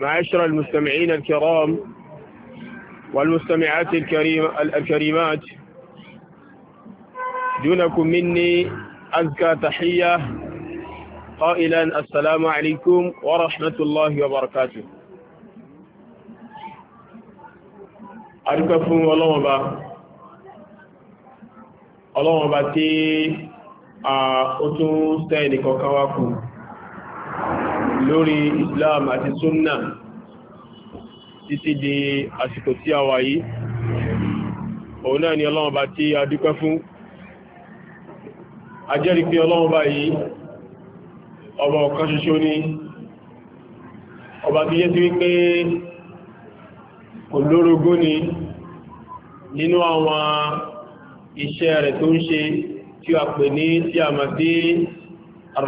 معاشر المستمعين الكرام والمستمعات الكريم الكريمات دونكم مني أزكى تحية قائلا السلام عليكم ورحمة الله وبركاته أركفهم الله وبا الله وبا تي أتو سيني كوكواكو lórí Islam àti súnnà títí di àsìkò tí a wà yìí òun náà ni Ọlọ́run bá tí a dúpẹ́ fún a jẹ́rìí pé Ọlọ́run bá yìí ọba ọ̀kan ṣoṣo ni ọba tí yẹ́ sí wípé olórogún ni nínú àwọn iṣẹ́ rẹ̀ tó ń ṣe tí a pè ní tí a mọ̀ sí ar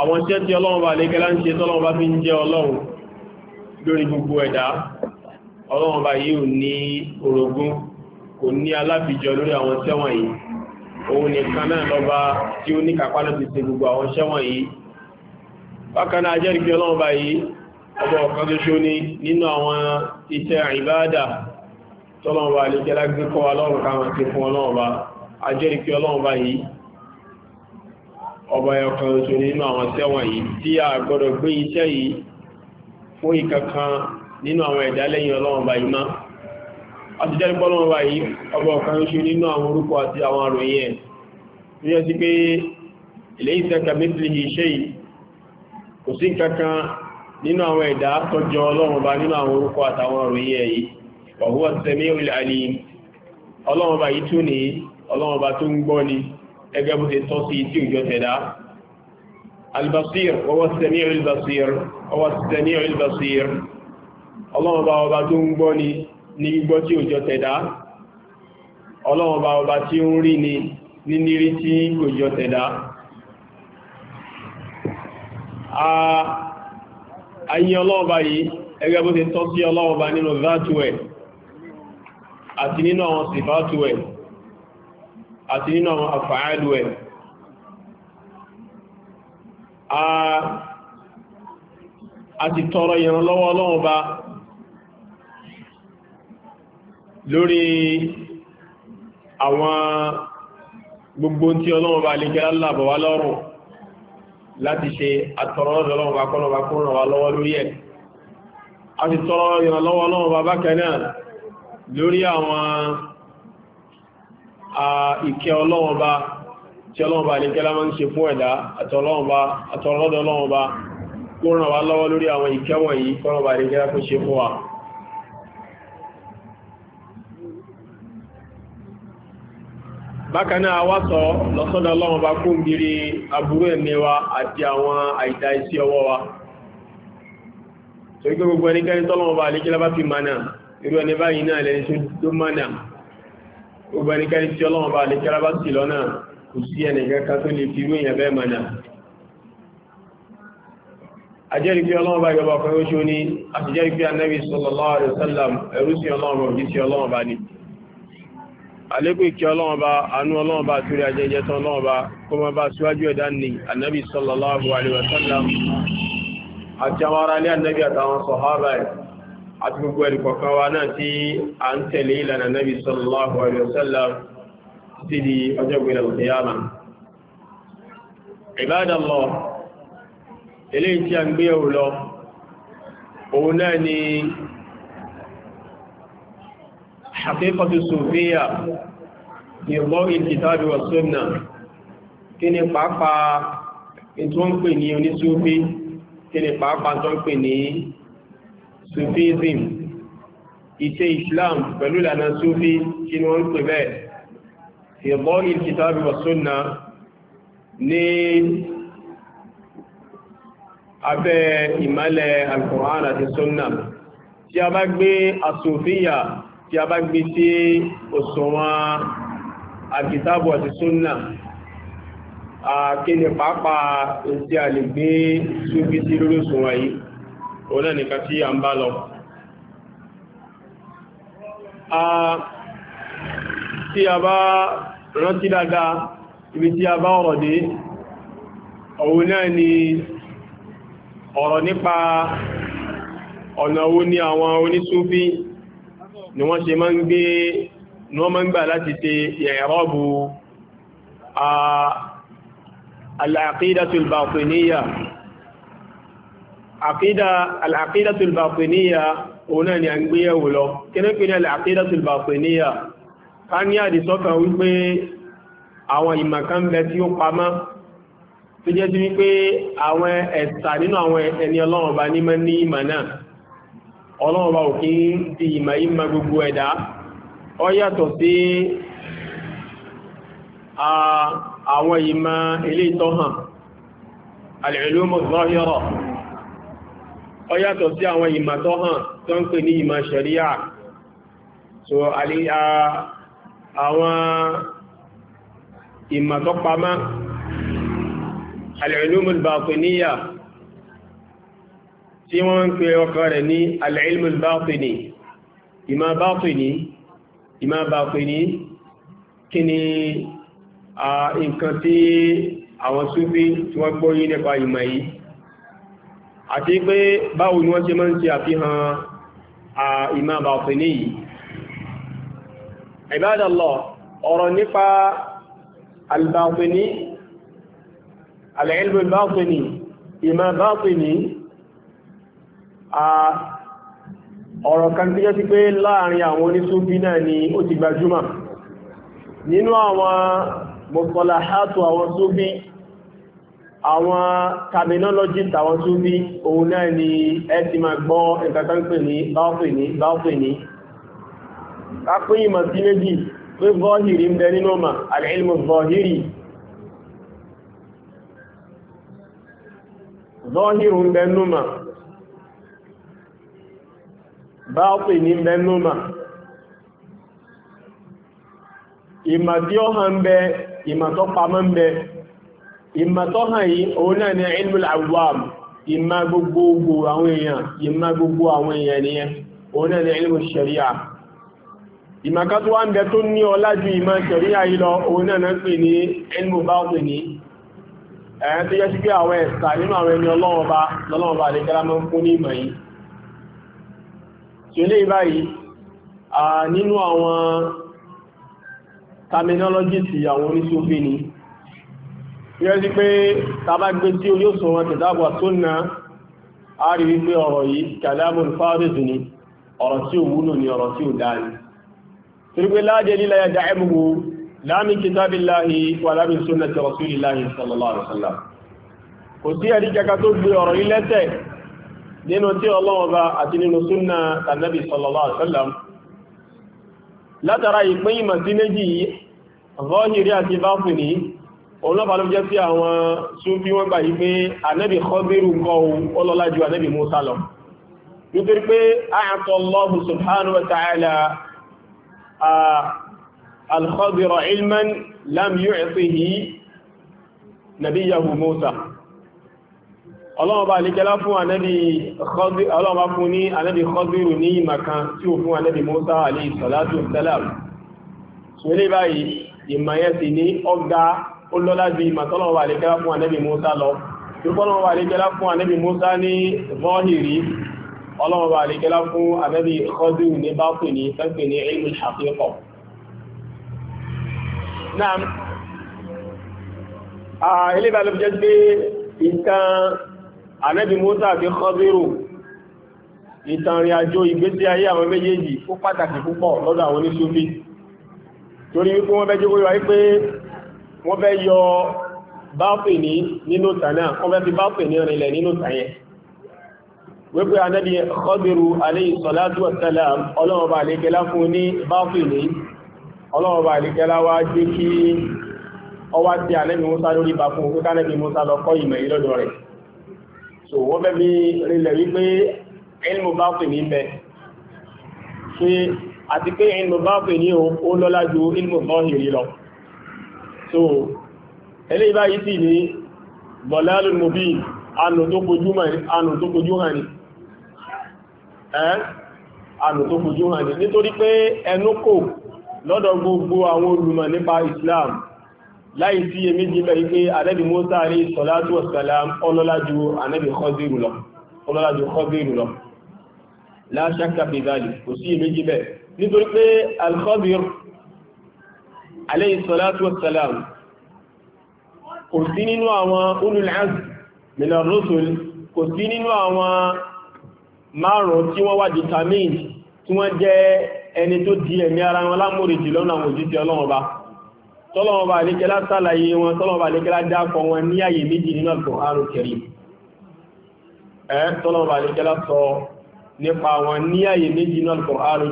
àwọn iṣẹ́ tí ọlọ́run bá lékẹ́lá ń ṣe tọ́lọ́run bá fi ń jẹ́ ọlọ́run lórí gbogbo ẹ̀dá ọlọ́run bá yìí ò ní orogún kò ní alábìjọ lórí àwọn iṣẹ́ wọ̀nyí òun nìkan náà lọ́ba tí ó ní kápá láti ṣe gbogbo àwọn iṣẹ́ wọ̀nyí bákan náà jẹ́rìí pé ọlọ́run bá yìí ọba ẹ̀kan oṣù nínú àwọn sẹ́wọ̀n yìí tí a gbọ́dọ̀ gbé iṣẹ́ yìí fún ìkankan nínú àwọn ẹ̀dá lẹ́yìn ọlọ́run bá yìí má a ti jẹ́rìí pọ́lọ́run bá yìí ọba ọ̀kan oṣù nínú àwọn orúkọ àti àwọn àròyìn ẹ̀ tó yẹ sí pé ilé ìsẹ́ka mẹ́tìlì iṣẹ́ yìí kò sí kankan nínú àwọn ẹ̀dá tún ní ọlọ́run bá tún gbọ́ ni ẹgbẹ́ bó ṣe tọ́ sí tí òjò tẹ̀dá albasir wọ́wọ́ sẹ́mí albasir wọ́wọ́ sẹ́mí albasir ọlọ́run bá ọba tó ń gbọ́ ni ní gbígbọ́ tí òjò tẹ̀dá ọlọ́run bá ọba tí ó ń rí ni ní nírí tí òjò tẹ̀dá ayé ọlọ́run bá yìí ẹgbẹ́ bó ṣe tọ́ sí ọlọ́run nínú zátú àti nínú àwọn sìfátú àti nínú àwọn àfààlù ẹ̀ a ti tọrọ ìrànlọ́wọ́ ọlọ́run ba lórí àwọn gbogbo tí ọlọ́run ba lè gẹ́lá lábọ̀ wá lọ́rùn láti ṣe àtọrọ ọlọ́run ba kọ́nà ba kúrò wá lọ́wọ́ lórí ẹ̀ a ti tọrọ ìrànlọ́wọ́ ọlọ́run ba bákan náà lórí àwọn ìkẹ́ ọlọ́wọ́ba tí ọlọ́wọ́ba ní kẹ́lá máa ń ṣe fún ẹ̀dá àtọ̀lọ́dọ̀ ọlọ́wọ́ba kó ràn wá lọ́wọ́ lórí àwọn ìkẹ́wọ̀ yìí kọ́lọ́ba ní kẹ́lá fún ṣe fún wa bákanáà wá sọ lọ́sọ́dọ̀ ọlọ́wọ́ba kó ń gírí aburú ẹ̀mí wa àti àwọn àìdá isi ọwọ́ wa torí pé gbogbo ẹnikẹ́ni tí ọlọ́run bá lè kẹ́ra bá sì lọ́nà kò sí ẹnìkẹ́ká tó lè fi ròyìn ẹ̀bẹ́ mọ̀nà ajẹ́rì pé ọlọ́run bá yọba ọkọ̀ oṣù ní àtijẹ́rì pé anẹ́bí sallallahu alaihi wasallam ẹrú sí ọlọ́run òjì sí ọlọ́run bá ní àlékún ìkẹ́ ọlọ́run bá anú ọlọ́run bá torí sallallahu alaihi wasallam àti àwọn ará ní anẹ́bí àtàwọn sọ̀hábà àti gbogbo ẹ̀rì kọ̀ọ̀kan wa náà tí a ń tẹ̀lé ìlànà Nabi sallallahu alaihi wasallam títí di ọjọ́ ìgbìnà al-qiyama Ibadallah eléyìí tí a ń gbé ẹ̀wù lọ òun náà ni haqiqatu sufiyya ní ọgbọ́n al-kitabi kí ni pàápàá tó ń pè ní onísúfí kí ni pàápàá tó ń pè ní sufism ìṣe islam pẹ̀lú ìlànà sufi kí ni wọ́n ń pè bẹ́ẹ̀ fi bọ́ọ̀lì kìtàbí wa sunna ní abẹ́ ìmálẹ̀ alkùnrán àti sunna tí a bá gbé asòfíyà tí a bá gbé sí òṣùwọ̀n alkìtàbí àti sunna àkíni pàápàá tí a lè gbé sufi sí lórí òṣùwọ̀n yìí òun nìkan tí a ń bá lọ tí a bá rántí dáadáa ibi tí a bá ọ̀rọ̀ dé òun náà ni ọ̀rọ̀ nípa ọ̀nà wo ni àwọn onísúfí ni wọ́n ṣe máa ń gbé ní wọ́n máa ń gbà láti ṣe ìrọ́bù al-aqidatul àkídà al'aqidatul batiniya òun náà ni a ń gbé yẹ̀wò lọ kí ní pínlẹ̀ al'aqidatul batiniya ká ní àdìsọ́kàn wípé àwọn ìmọ̀kan bẹ tí ó pamọ́ tó jẹ́ sí wípé àwọn ẹ̀sà nínú àwọn ẹni ọlọ́run bá ní mọ́ ní ìmọ̀ náà ọlọ́run bá ó yàtọ̀ sí àwọn ìmà tó hàn tó ń pè ní ìmà ṣẹ̀ríà so àwọn ìmà tó pamá al-ulumul batiniyya tí wọ́n ń pè ọkọ̀ rẹ̀ ní al-ilmul batini ìmà batini ìmà batini kí ni nǹkan tí àwọn Súfí tí wọ́n gbóyí nípa ìmà yìí àti pé báwo ni wọ́n ṣe máa ń ṣe àfihàn ìmá bàtíní yìí Ibadallah ọ̀rọ̀ nípa al-bàtíní al-ilm al-bàtíní ìmá bàtíní ọ̀rọ̀ kan tí jẹ́ pé láàrin àwọn oníṣúfí náà ni ó ti gbajúmọ̀ nínú àwọn mọ̀kànlá hátù àwọn súfí àwọn terminology tàwọn tó bí òun náà ni ẹ ti máa gbọ́ ìkàtàǹpè ní báwọ́pè ní báwọ́pè ní kápín ìmọ̀ sí méjì pé zọ́hìrì ń bẹ nínú ọmọ al-ilmu zọ́hìrì zọ́hìrì ń bẹ nínú ọmọ báwọ́pè ní ń bẹ ìmọ̀tọ́hàn yìí òun náà ni ilmul awam ìmọ̀ gbogbogbò àwọn èèyàn ìmọ̀ gbogbo àwọn èèyàn ni òun náà ni ilmul sharia ìmọ̀kátó wá ń bẹ tó ní ọlá ju ìmọ̀ sharia yìí lọ òun náà náà pè ní ilmul báwọ̀pẹ̀ ní ẹ̀yẹn tó yẹ sí pé àwọn ẹ̀sà nínú àwọn ẹni ọlọ́wọ́ba lọ́lọ́wọ́ba ni yẹ́ sí pé tàbá gbé tí yóò sọ wọn kìtàbù àtúnnà a rí wípé ọ̀rọ̀ yìí kàlámù fáwọ́dẹ̀sì ni ọ̀rọ̀ tí ò wúlò ni ọ̀rọ̀ tí ò dáni torípé láàjẹ́ líla ya dá ẹmùgbò láàmì kìtàbíláhi wà láàmì súnà ti rasulillahi sallallahu alaihi wasallam kò sí ẹ̀rí kaka tó gbé ọ̀rọ̀ yìí lẹ́sẹ̀ nínú tí ọlọ́wọ́ ọlọ́pàá ló jẹ́ sí àwọn Súfí wọ́n gbà yí pé ànábì Khadiru ńkọ́ ọlọ́lá ju ànábì Musa lọ nítorí pé àyàtọ̀ Allahu subhanahu wa ta'ala al-Khadir ilman lam yu'tihi nabiyahu Musa ọlọ́ọ̀bá alikẹ́lá fún ọlọ́ọ̀bá fún ní ànábì Khadiru ní ìmàkan tí ó fún ó lọ́lá ju ìmọ̀tọ́lọ̀ wà lè kẹ́lá fún ànẹ́bì Musa lọ ìrúkọ́lọ̀ wà lè kẹ́lá fún ànẹ́bì Musa ní zọ́hìrí ọlọ́run wà lè kẹ́lá fún ànẹ́bì Khadiru ní báfù ní sẹ́pẹ̀ ní ilmul haqiqa náà ilé ìbálẹ̀ jẹ́ pé ìtàn ànẹ́bì Musa àti Khadiru ìtàn rìn àjò wọ́n fẹ́ yọ báfì ní nínú tànà wọ́n fẹ́ fi báfì ní rìnlẹ̀ nínú tàyẹ wípé anábi Khadiru alayhi salatu wassalam ọlọ́ọ̀bà àlékẹ́lá fún ní báfì ní ọlọ́ọ̀bà àlékẹ́lá wá jẹ́ kí ọwá tí anábi Musa lórí bá fún òkú kánábi Musa lọ kọ́ ìmọ̀ yìí lọ́dọ̀ rẹ̀ so wọ́n fẹ́ fi rìnlẹ̀ wípé ilmu báfì ní bẹ ṣe àti pé ilmu báfì ní ó lọ́lá ju ilmu bọ́ọ̀hìrì lọ so eléyìí báyìí sì ní bọ̀lálù mọ̀bí ànù tó kojú hàn ní ẹ́ ànù tó kojú hàn ní nítorí pé ẹnu kò lọ́dọ̀ gbogbo àwọn olùmọ̀ nípa Islam láì sí èméjì bẹ̀rẹ̀ pé Ànábì Mùsá rí sọ̀látù ọ̀sàlám ọlọ́lájú Ànábì Khadiru lọ ọlọ́lájú Khadiru lọ la shakka fi dhalik kò sí èméjì bẹ̀rẹ̀ nítorí pé al-Khadir alayhi salatu wassalam kò sí nínú àwọn ulul azm min ar-rusul kò sí nínú àwọn márùn-ún tí wọ́n wá determine tí wọ́n jẹ́ ẹni tó di ẹ̀mí ara wọn lámòrì jùlọ náà wọ́n jíṣẹ́ ọlọ́wọ́ba tọ́lọ́wọ́ba àlékẹ́lá sàlàyé wọn tọ́lọ́wọ́ba àlékẹ́lá dákọ̀ wọn ní àyè méjì nínú Al-Qur'an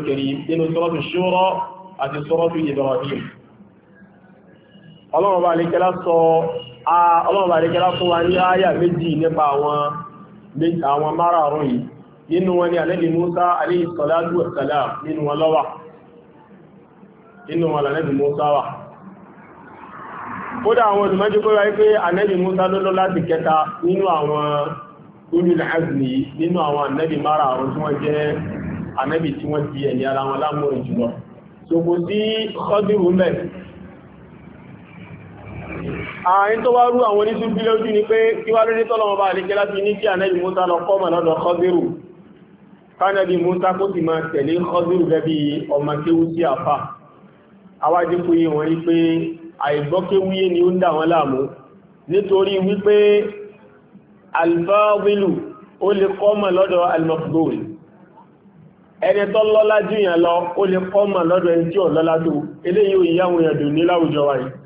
Karim ẹ̀ ọlọ́mọba àlékẹ́lá sọ ọlọ́mọba àlékẹ́lá fún wa ní àyà méjì nípa àwọn márààrún yìí nínú wọn ni ànábì Musa alayhi salatu wa salam nínú wọn lọ́wà nínú wọn lànábì Musa wà kódà àwọn olùmọ́jú kó wáyé pé ànábì Musa lọ́lọ́ láti kẹta nínú àwọn ulul azmi nínú àwọn ànábì márààrún tí wọ́n jẹ́ ànábì tí wọ́n di ẹ̀yà ara wọn lámúrin jùlọ so kò sí Khadiru mẹ́rin àárín ah, tó wá rú àwọn oníṣú bí lójú ni pé kí wá lórí tọ́lọ́wọ́ bá àlékẹ́ láti ní kí ànẹ́bì Musa lọ kọ́mọ̀ lọ́dọ̀ Khadiru kánẹ́bì Musa kó sì máa tẹ̀lé Khadiru gẹ́bí ọmọ kéwú sí àfà awájú pé wọ́n rí pé àìgbọ́kéwúyé ni ó ń dà wọ́n láàmú nítorí wípé alfáwílù ó lè kọ́mọ̀ lọ́dọ̀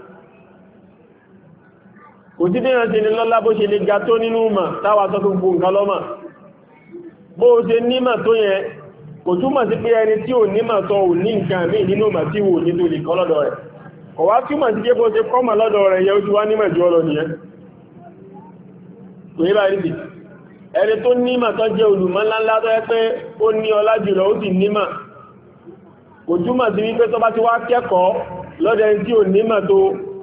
kò sí bí ìrántí ni lọ́lá bó ṣe lè ga tó nínú mà táwà sọ gbogbo nǹkan lọ́mà bó ṣe nímà tó yẹn kò túmọ̀ sí pé ẹni tí ò nímà tó ò ní nǹkan míì nínú mà tí wò ní tó lè kọ́ lọ́dọ̀ rẹ̀ kò wá túmọ̀ sí pé bó ṣe kọ́mà lọ́dọ̀ rẹ̀ yẹ ó ti wá nímà jù ọlọ lọ́dọ̀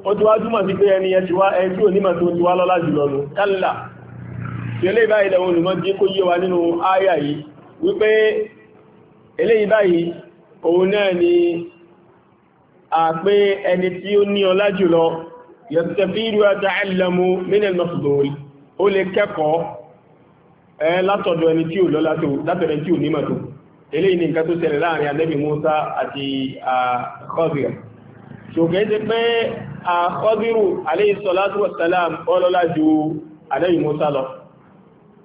ó ti wá túmọ̀ sí pé ẹni ẹ ti wá ẹ tí ò nímọ̀ tó ti wá lọ́lá jùlọ nù kálà tí ó lè báyìí lẹ́wọ̀n olùmọ́ jẹ́ kó yé wa nínú ááyà yìí wípé eléyìí báyìí òun náà ni a pé ẹni tí ó ní ọlá jùlọ yẹtẹ̀fíru àtàlẹ́mú mínẹ̀ mọ́sùlùmí ó lè kẹ́kọ̀ọ́ ẹ látọ̀dọ̀ ẹni tí ò lọ́lá tó látọ̀dọ̀ ẹni tí ò nímọ̀ tó eléyìí ni nǹkan tó ṣẹlẹ̀ láàrin Ànábì Mùsá àti Khidr ṣòkè ti pé àkọ́dírù alayhi salatu wassalam ọlọ́lá ju alayhi Musa lọ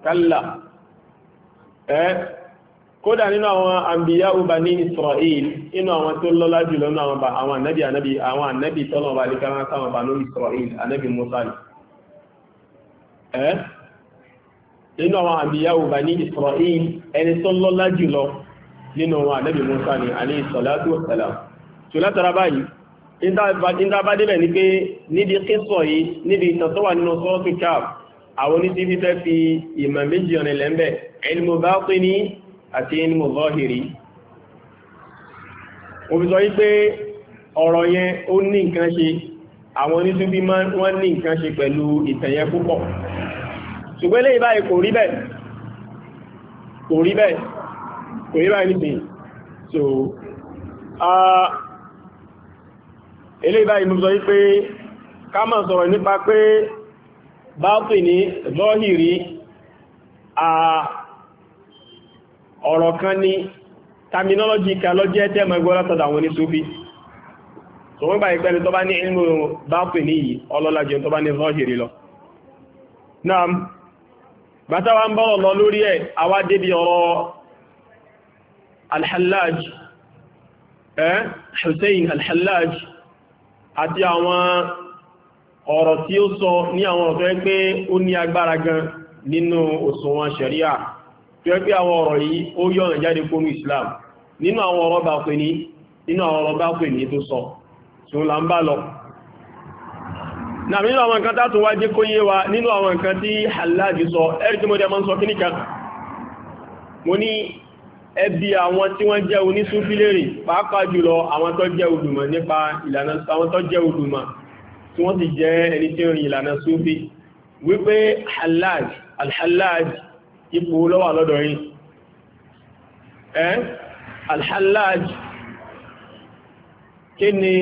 kálà ẹ́ kódà nínú àwọn àmbíyá ọba ní Israel inú àwọn tó lọ́lá jù lọ́nà àwọn ànábì ànábì àwọn ànábì tọ́lọ̀ọba alìkára sáwọn bá ní Israel ànábì Musa ni ẹ́ nínú àwọn àmbíyá ọba ní Israel ẹni tó lọ́lá jù lọ nínú àwọn ànábì Musa ni alayhi salatu wassalam ìdábádébẹ̀ ní pé níbi kíso yìí níbi ìtàn tó wà nínú sọ́ọ̀tù káàpù àwọn oníṣíbí fẹ́ fi ìmọ̀ méjì ọ̀nà lẹ́m̀bẹ̀ ilmu bátínì àti ilmu zahiri òbìsọ yí pé ọ̀rọ̀ yẹn ó ní nǹkan ṣe àwọn oníṣíbí wọ́n ní nǹkan ṣe pẹ̀lú ìtàn yẹn púpọ̀ ṣùgbọ́n lè báyìí kò eléyìí báyìí mú sọ wípé ká má sọ̀rọ̀ nípa pé bátínì zọ́hìrí à ọ̀rọ̀ kan ní terminology kan lọ jẹ́ tẹ́mọ̀ ẹgbẹ́ látọ̀dà àwọn oníṣúfí so wọ́n gbáyé pẹ́ni tó bá ní ilmu bátínì yìí ọlọ́lá tó bá ní zọ́hìrí lọ náà bàtà ń bọ́rọ̀ lọ lórí ẹ̀ àwa débi ọ̀rọ̀ alhallaj eh Hussein alhallaj àti àwọn ọ̀rọ̀ tí ó sọ ní àwọn ọ̀fẹ́ pé ó ní agbára gan nínú òṣùwọ̀n ṣẹ̀ríà tí ó pé àwọn ọ̀rọ̀ yìí ó yọ̀nà jáde Islam nínú àwọn ọ̀rọ̀ bá pè ní nínú àwọn ọ̀rọ̀ sọ tí ó lọ nínú àwọn nǹkan ẹbí àwọn tí wọ́n jẹ́ onísúfílérì pàápàá jùlọ àwọn tó jẹ́ olùmọ̀ nípa ìlànà àwọn tó jẹ́ olùmọ̀ tí wọ́n ti jẹ́ ẹni tí ó rìn ìlànà súfí wípé halaj alhalaj ipò lọ́wà lọ́dọ̀ yìí ẹ́ alhalaj kí ni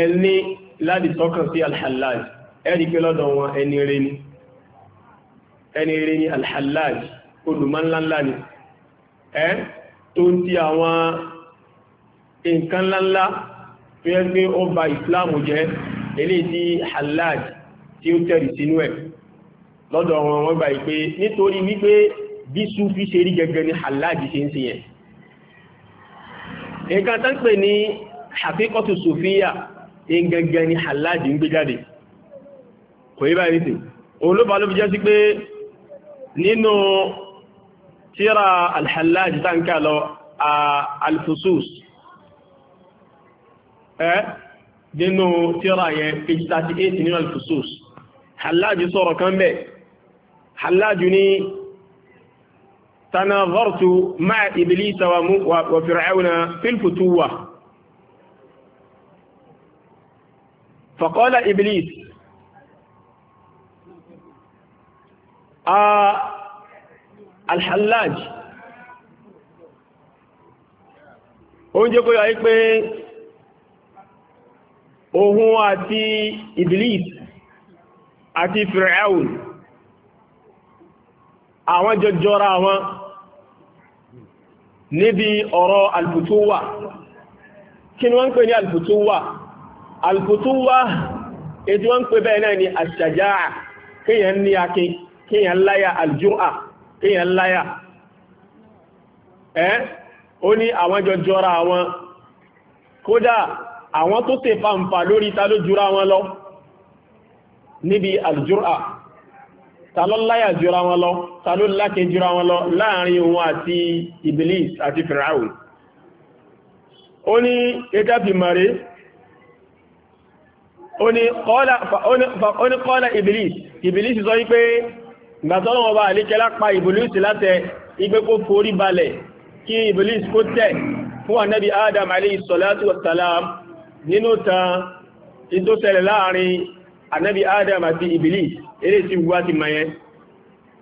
ẹni láti tọ́kàn sí alhalaj ẹni pé lọ́dọ̀ ẹ́ tó ń ti àwọn nǹkan ńláńlá tó yẹ pé ó ba ìsìláàmù jẹ́ eléyìí tí Hallaj tí ó tẹ̀rì sínú ẹ̀ lọ́dọ̀ wọn wọ́n gbà pé nítorí wípé bí Súfí ṣe rí gẹ́gẹ́ ni Hallaj ṣe ń ṣe yẹn nǹkan tó ń pè ní hakikatu Sufiya gẹ́gẹ́ ni Hallaj ń gbé jáde kò yí báyìí nìsín òun jẹ́ sí pé nínú tíra alhallaj tánkà lọ alfusus ẹ́ nínú tíra yẹn page 38 nínú alfusus hallaj sọ̀rọ̀ kan bẹ̀ hallaj ní tanazartu ma'a iblisa wa fir'auna fil futuwa فقال إبليس آه alhallaj oúnjẹ kó yọ ayé pé ohun àti iblis àti fir'aun àwọn jọjọra wọn níbi ọ̀rọ̀ alfutuwa kí ni wọ́n ń pè ní alfutuwa alfutuwa ètí wọ́n ń pè bẹ́ẹ̀ náà ni àṣàjá kíyàn ní akin kíyàn láyà aljúà kíyàn láyà ẹ́ ó ní àwọn jọ jọra àwọn kódà àwọn tó ṣe fàǹfà lórí ta ló jura wọn lọ níbi aljura ta ló láyà jura wọn lọ ta ló láke jura wọn lọ láàrin òun àti iblis àti firaun ó ní ẹjáfi mọ̀rẹ́ ó ní kọ́lá iblis iblis sọ wípé ìgbàtọ́lọ́wọ́ bá àlékẹ́lá pa ìbìlìsì látẹ igbé kó forí balẹ̀ kí ìbìlìsì kó tẹ̀ fún ànábì adam alayhi salatu wassalam nínú tan ìtòsẹ̀lẹ̀ láàrin ànábì adam àti ìbìlìsì eré ti wá ti mayẹ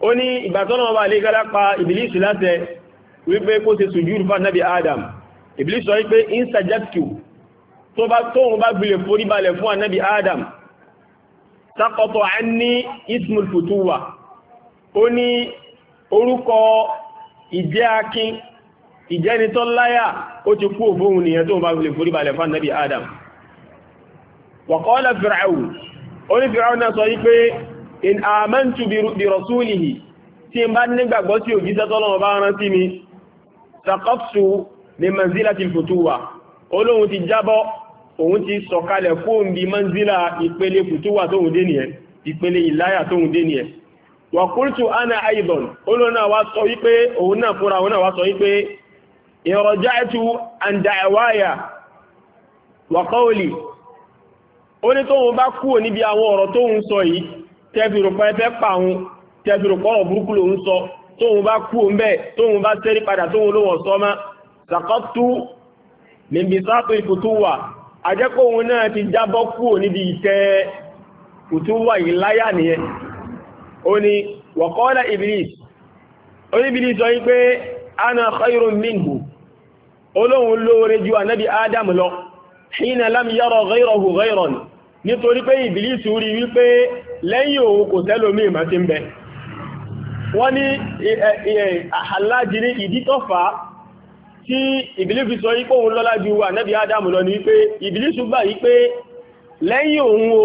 ó ní ìgbàtọ́lọ́wọ́ bá àlékẹ́lá pa ìbìlìsì látẹ wípé kó adam ìbìlìsì sọ wípé insajatu tóun bá gbilẹ̀ forí balẹ̀ fún ànábì adam sakọtọ̀ á ní ismul ó ní orúkọ ìjẹ́ akin ìjẹ́ni tó láyà ó ti kú òfóhun nìyẹn tó bá lè forí balẹ̀ fún nabi adam wàkọ́ọ́lá fir'aun ó ní fir'aun náà sọ wípé in amantu bi rasulihi tí n bá nígbàgbọ́ sí òjíṣẹ́ tọ́lọ́run bá rán sí mi saqaftu ní manzilati al-futuwa olóhun ti jábọ́ òun ti sọ̀kalẹ̀ fóhun bí manzila ìpele futuwa tóhun dé wàkúrtù ana àìdọ̀n olóòna wá sọ wípé òun náà fúnra òun náà wá sọ wípé ìrọ̀já ẹ̀tù àndàẹ̀wáyà wàkọ́ọ̀lì ó ní tóun bá kúrò níbi àwọn ọ̀rọ̀ tóun sọ yìí tẹ́fìrùpọ̀ ẹfẹ́ pàun tẹ́fìrùpọ̀ ọ̀rọ̀ sọ ó ní wọ̀kọ́lá iblis ó ní iblis sọ wípé ana khairun minhu olóhun lóore ju ànábì adam lọ hina lam yara ghayrahu ghayran nítorí pé iblis rí wípé lẹ́yìn òun kò tẹ́lómí ìmá ti ń bẹ wọ́n ní àhàlájì ní ìdítọ́fà tí ìbílísù sọ yí pé òun lọ́lá ju ànábì adam lọ ní wípé ìbílísù gbà yí lẹ́yìn òun o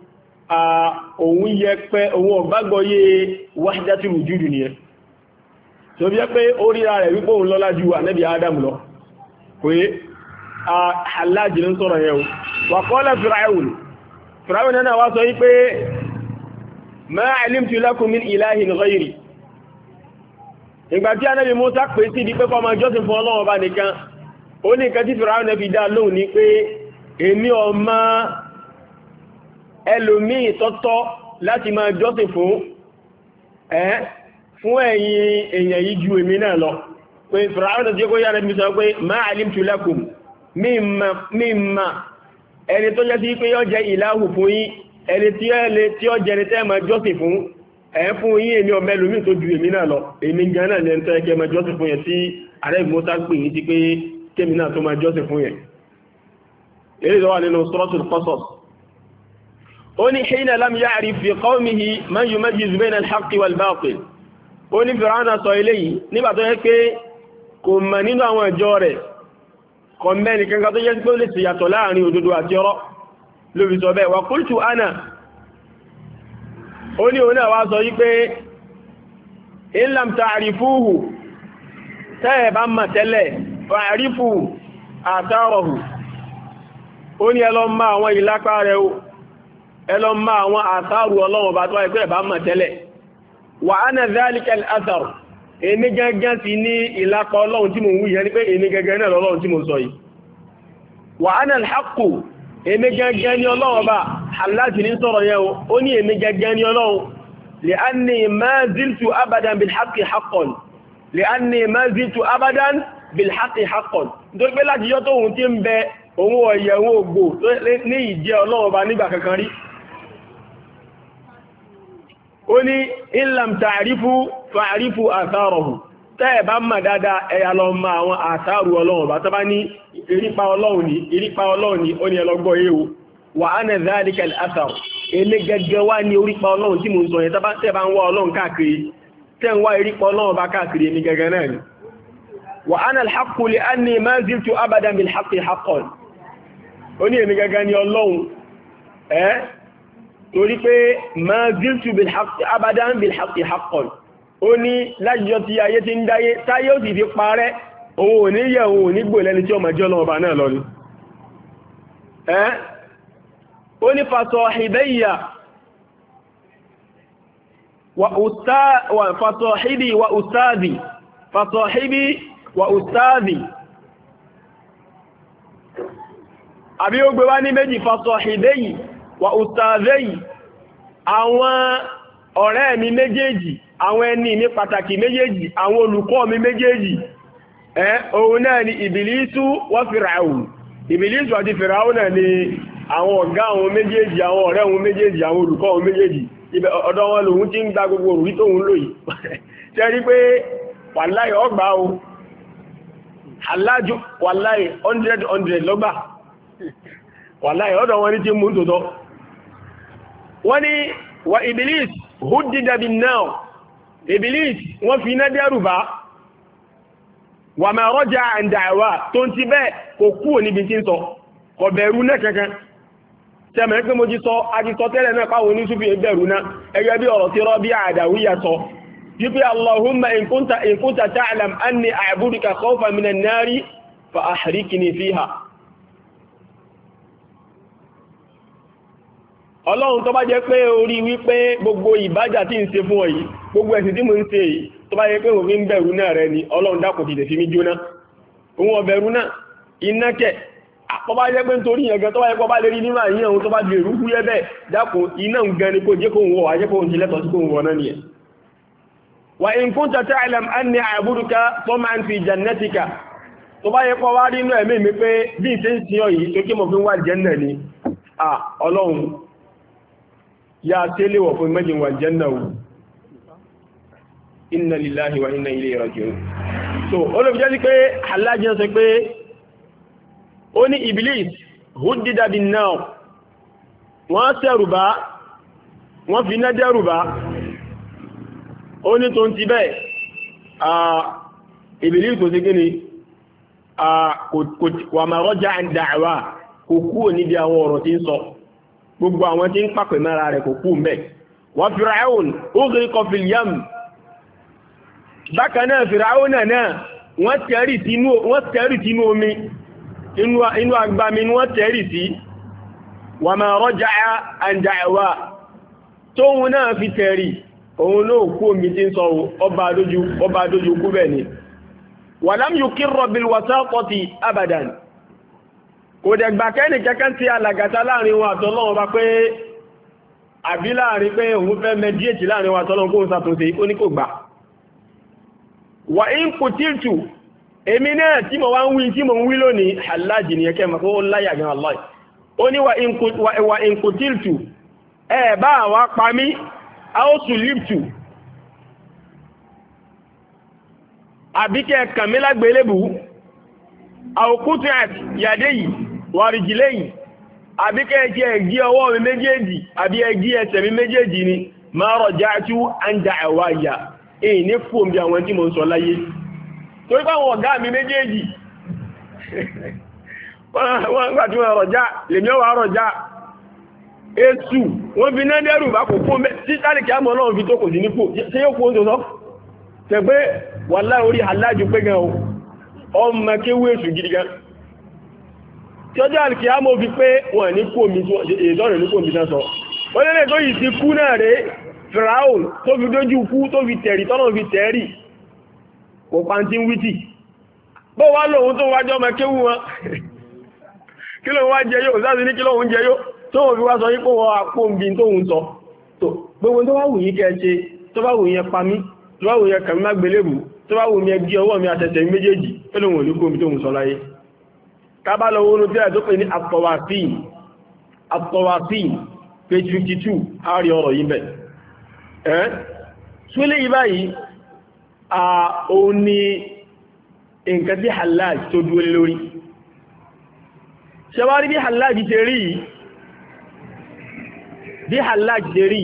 a òun yẹ pé òun ọ̀gbágbọ́ yé wájátì rùjúdù ni ẹ tó bí ẹ pé ó ríra rẹ̀ wípé òun lọ́lá ju ànẹ́bí adam lọ pé aláàjì ń sọ̀rọ̀ yẹn o wà kọ́lẹ̀ fìráìwùn fìráìwùn náà wá sọ wípé ma alimtu lakum min ilahin ghairi ìgbà tí ànẹ́bí Mùsá pè sí di pé kó máa jọ́sìn fún Ọlọ́run ọba nìkan ó ní nǹkan tí fìráìwùn fi dá lóhùn ni pé èmi ọmọ ẹlòmíì tọ́tọ́ láti máa jọ́sìn fún ẹ́ fún ẹ̀yin èèyàn yìí ju èmi náà lọ pé fìràwọ́n tí ó kó yára mi sọ pé ma alimtu lakum mímà ẹni tó jẹ́ sí pé yọ́ jẹ́ ìlàhù fún yín ẹni tí ó lè tí ó jẹ́ ni tẹ́ máa jọ́sìn fún ẹ̀ fún yín èmi ọmọ ẹlòmíì tó ju èmi náà lọ èmi gan náà lẹ́nu tó ẹkẹ́ máa jọ́sìn fún yẹn tí ààrẹ ìgbóta pè yín sí pé kémi náà tó máa jọ́sìn fún yẹn èyí ló wà nínú Suratul Qasas ó ní hina lam ya'rif fi qawmihi man yumayyiz bayna al-haqqi wal-batil ó ní fìrànà sọ eléyìí nígbà tó yẹ pé kò mọ̀ nínú àwọn ìjọ rẹ̀ kọ̀ mẹ́ni kankan tó yẹ pé ó lè ṣèyàtọ̀ láàrin òdodo àti ọ̀rọ̀ lóbi sọ bẹ́ẹ̀ wà qultu ana ó ní òun náà wá sọ yí pé in lam ta'rifuhu tẹ́ẹ̀ bá mọ̀ tẹ́lẹ̀ fa'rifu atharuhu ó o ẹlọ máa àwọn àsáàrù ọlọ́wọ̀n bá tó wáyé pẹ́ẹ̀bá mọ̀ tẹ́lẹ̀ wà á nà záàlìkẹ́lì àsáàrù èmi gẹ́gẹ́ ti ní ìlápa ọlọ́run tí mo ń wú yẹn ni pé èmi gẹ́gẹ́ náà lọ́lọ́run tí mo sọ yìí wà á nà alhaqu èmi gẹ́gẹ́ ní ọlọ́run bá aláti ní sọ̀rọ̀ yẹn ó ní èmi gẹ́gẹ́ ní ọlọ́run lè ìjẹ́ ọlọ́run bá nígbà kankan rí ó ní ìlàm tààrífú fààrífú àtàrọ̀hù tẹ́ẹ̀ bá mọ̀ dáadáa ẹ̀yà lọ ma àwọn àtàrù ọlọ́run bá tọ́bá ní ìrípa ọlọ́run ní ìrípa ọlọ́run ní ó ní ẹlọgbọ́ ewu wà á nà záàdìkàlì àtàrù ilé gẹ́gẹ́ wá ní orípa ọlọ́run tí mo ń sọ yẹn tẹ́ẹ̀ bá ń wá ọlọ́run káàkiri tẹ́ẹ̀ ń wá ìrípa ọlọ́run torí pé ma ziltu abadan bilhaqi haqqan ó ní lájíjọ tí ayé ti ń dáyé táyé ó sì fi parẹ́ òun ò ní yẹ̀ òun ò ní gbò lẹ́ni tí ọmọ ìjọ́ lọ́wọ́ bá náà lọ ni ó ní fasahibayya fasahibi wa ustadi àbí ó gbé wá ní méjì fasahibayya Wa ustazeyi àwọn ọ̀rẹ́ mi méjèèjì àwọn ẹni mi pàtàkì méjèèjì àwọn olùkọ́ mi méjèèjì ẹ́ òun náà ni ìbìlísù wọ́n fìràù ìbìlísù àti fìràù náà ni àwọn ọ̀gá àwọn méjèèjì àwọn ọ̀rẹ́ méjèèjì àwọn olùkọ́ méjèèjì ti gba gbogbo pé wàláì ọgbà o wàláì 100 100 lọ́gbà wàláì ọ̀dọ̀ wọn ti mú tòótọ́ wọ́n ní wà ibilis hudida bin náà ibilis wọ́n fi iná dẹ́rùbá wà máa rọ́jà àǹdàwà tó ń ti bẹ́ẹ̀ kò kúrò níbi tí ń sọ kò bẹ̀rù náà kankan tẹ́mẹ̀ pé mo ti sọ àtìsọ ọlọ́run tó bá jẹ́ pé orí wípé gbogbo ìbájà tí ń ṣe fún ọ yìí gbogbo ẹ̀sìn tí mo ń ṣe yìí tó bá jẹ́ pé òfin ń bẹ̀rù náà rẹ ni ọlọ́run dákò tètè fi mí jóná òun ọ̀bẹ̀rù náà iná kẹ̀ àpọ́ bá jẹ́ pé nítorí yẹn gan tó bá jẹ́ pé ọba lè rí nínú àyíyàn òun tó bá lè rú kúyẹ́ bẹ́ẹ̀ dákò iná ń gan ni kò jẹ́ kóhun wọ̀ àjẹ́ kóhun ti lẹ́tọ̀ọ́ sí kóhun wọ̀ náà nìyẹn wà ìǹkúntà ta'lam anni a'buduka tam'an fi jannatika tó bá yẹ kọ́ wá rí inú ẹ̀mí mi pé bí ìṣe ń sìn ọ yìí tó kí mo fi wá jẹ́ náà ni ọlọ́run ya ṣe léwọ̀ fún mẹ́jìn wà jẹ́nà wù inna lillahi wa inna ilayhi raji'un so olóòfin jẹ́ sí pé alájẹ́ sọ pé ó ní iblis hudida bin náà wọ́n sẹ́rùbá wọ́n fi náà dẹ́rùbá ó ní tó ń ti bẹ́ẹ̀ iblis kò sí gíní wà máa rọ́jà àdáwà kò kúrò níbi àwọn ọ̀rọ̀ tí ń sọ gbogbo àwọn tí ń pàpẹ̀ mẹ́ra rẹ̀ kò kú mẹ́ wọ́n fìràún ó rí kọfìl yam bákan náà fìràún náà wọ́n tẹ́rì sínú omi inú agbami ni wọ́n tẹ́rì sí wà máa rọ́jà àjà ẹ̀wà tóhun náà fi tẹ́rì òun náà kú omi tí ń sọ ọba adójú kú bẹ̀ ni wà lámù kí rọ̀bìl wàsáàkọ́tì abadan kò dẹ̀gbà kẹ́ni kẹ́kẹ́ tí alàgàtà láàrin wọn àtọ́lọ́wọ́n bá pé àbí láàrin pé òun fẹ́ mẹ́díẹ̀tì láàrin wọn àtọ́lọ́wọ́n kóhun sàtúnṣe ó ní kò gbà wà ń kò èmi náà tí wá ń wí tí ń wí lónìí ni ẹkẹ́ Allah yàdé yìí wàrìjìlẹ́yìn àbí kẹ́ẹ̀kẹ́ ẹ̀gí ọwọ́ mi méjèèjì àbí ẹ̀gí ẹsẹ̀ mi méjèèjì ni máa rọ̀ já tí a ń da ẹ̀wà ìyà èyí ní fún bí àwọn tí mo ń sọ láyé torí báwọn ọ̀gá mi méjèèjì wọ́n gbà tí wọ́n rọ̀ já lèmi ọwà rọ̀ já èsù wọ́n fi náà dẹ́rù bá kò fún mẹ́ sí ọmọ kéwú èsù gidi gan tí ó jẹ́ alìkìyà mọ́ fi pé wọ́n ní kú omi ìdọ́rẹ̀ ní kú omi sẹ́sọ olóòlè tó yìí ti kú náà rẹ̀ fìràún tó fi dójú kú tó fi tẹ̀rì tọ́nà fi tẹ̀rì kò pàntí wítì bó wá lóhun tó wájọ́ ọmọ kéwú wọn kí lóhun wá jẹ yóò sáàsì ní kí lóhun jẹ yóò tó wọ́n fi wá sọ yípo wọ́n àpòǹbí tóhun sọ tó gbogbo tó bá wù yí kẹ́ ṣe tó bá wù yẹn pamí tó bá wù yẹn kàmí má gbélébù tó bá wù yẹn gí ọwọ́ kábàlọ owó tí a tó pè ní àtọwàfí page 52 àárí ọ̀rọ̀ yìí bẹ̀ ẹ́ ṣúlé ìbáyìí a òun ni nǹkan tí Hallaj tó dúró lórí ṣẹwárí bí Hallaj ṣe rí bí Hallaj ṣe rí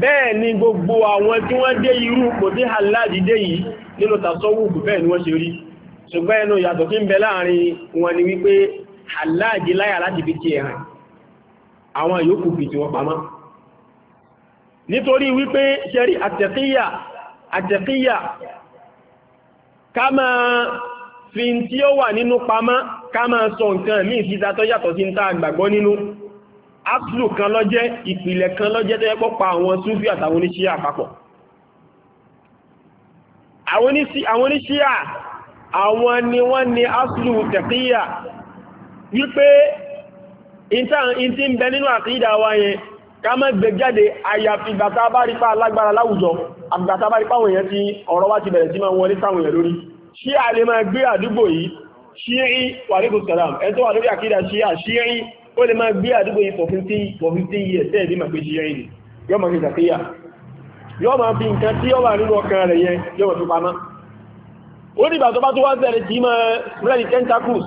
bẹ́ẹ̀ ni gbogbo àwọn tí wọ́n dé irú pò bí Hallaj dé yìí nínú tàṣọ́wù bẹ́ẹ̀ ni wọ́n ṣe rí ṣùgbọ́n ẹnu ìyàtọ̀ tí ń bẹ láàrin wọn ni wípé aláàjí láyà láti fi ti ẹ̀hàn àwọn ìyókù fi ti wọ́n pamọ́ nítorí wípé ṣẹ́rí àtẹ̀kíyà àtẹ̀kíyà ká máa fi tí ó wà nínú pamọ́ ká máa sọ nǹkan míì síta tó yàtọ̀ sí ta àgbàgbọ́ nínú ápùlù kan lọ́jẹ́ ìpìlẹ̀ kan lọ́jẹ́ tó yẹ́pọ̀ àwọn ni wọ́n ni aslu tẹ̀kíyà wípé ìtí ń bẹ nínú àkídà wa yẹn ká má gbé àyàfi bàtà bá rí pa alágbára láwùjọ àbìgbàtà bá rí pa wọ̀nyẹn tí ọ̀rọ̀ wá ti bẹ̀rẹ̀ sí máa wọlé sáwọn èèyàn lórí ṣí a lè máa gbé àdúgbò yìí ṣírí wàríkù sàlám ẹ tó wà lórí àkídà ṣíà ṣírí ó lè máa gbé àdúgbò yìí for fifteen ni yọ́ máa fi ṣàkíyà yọ́ ó dìgbà tó bá tó wá bẹ̀rẹ̀ tí mọ́ rẹ̀lì tentacles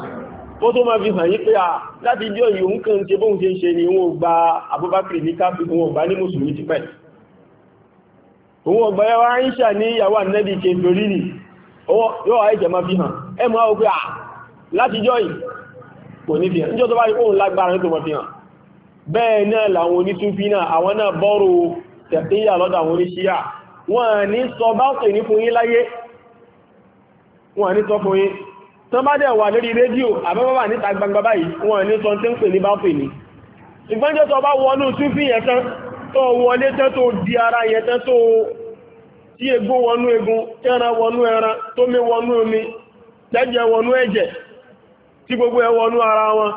ó tó máa fi hàn yí pé à láti jọ ìhun kan ṣe bóhun ṣe ń ṣe ni wọn ò gba Abubakar ní káfí wọn ò gba ní mùsùlùmí ti pẹ́ òun ọgbà ẹwà Aisha ní ìyàwó ànẹ́bì ṣe lórí nì yóò àìjẹ̀ máa fi hàn ẹ mọ́ àwọn pé à láti wọn ní sọ fún yín tán bá dẹ̀ wà lórí rédíò àbẹ́bàbà ní wọn ní sọ tí ń pè ní bá pè ní ìgbọ́njẹ́ tó bá wọnú súnfì yẹn tán tó wọlé tó di ara yẹn tán tó tí egun wọnú egun ẹran wọnú ẹran wọnú omi wọnú ẹ̀jẹ̀ tí gbogbo ara wọn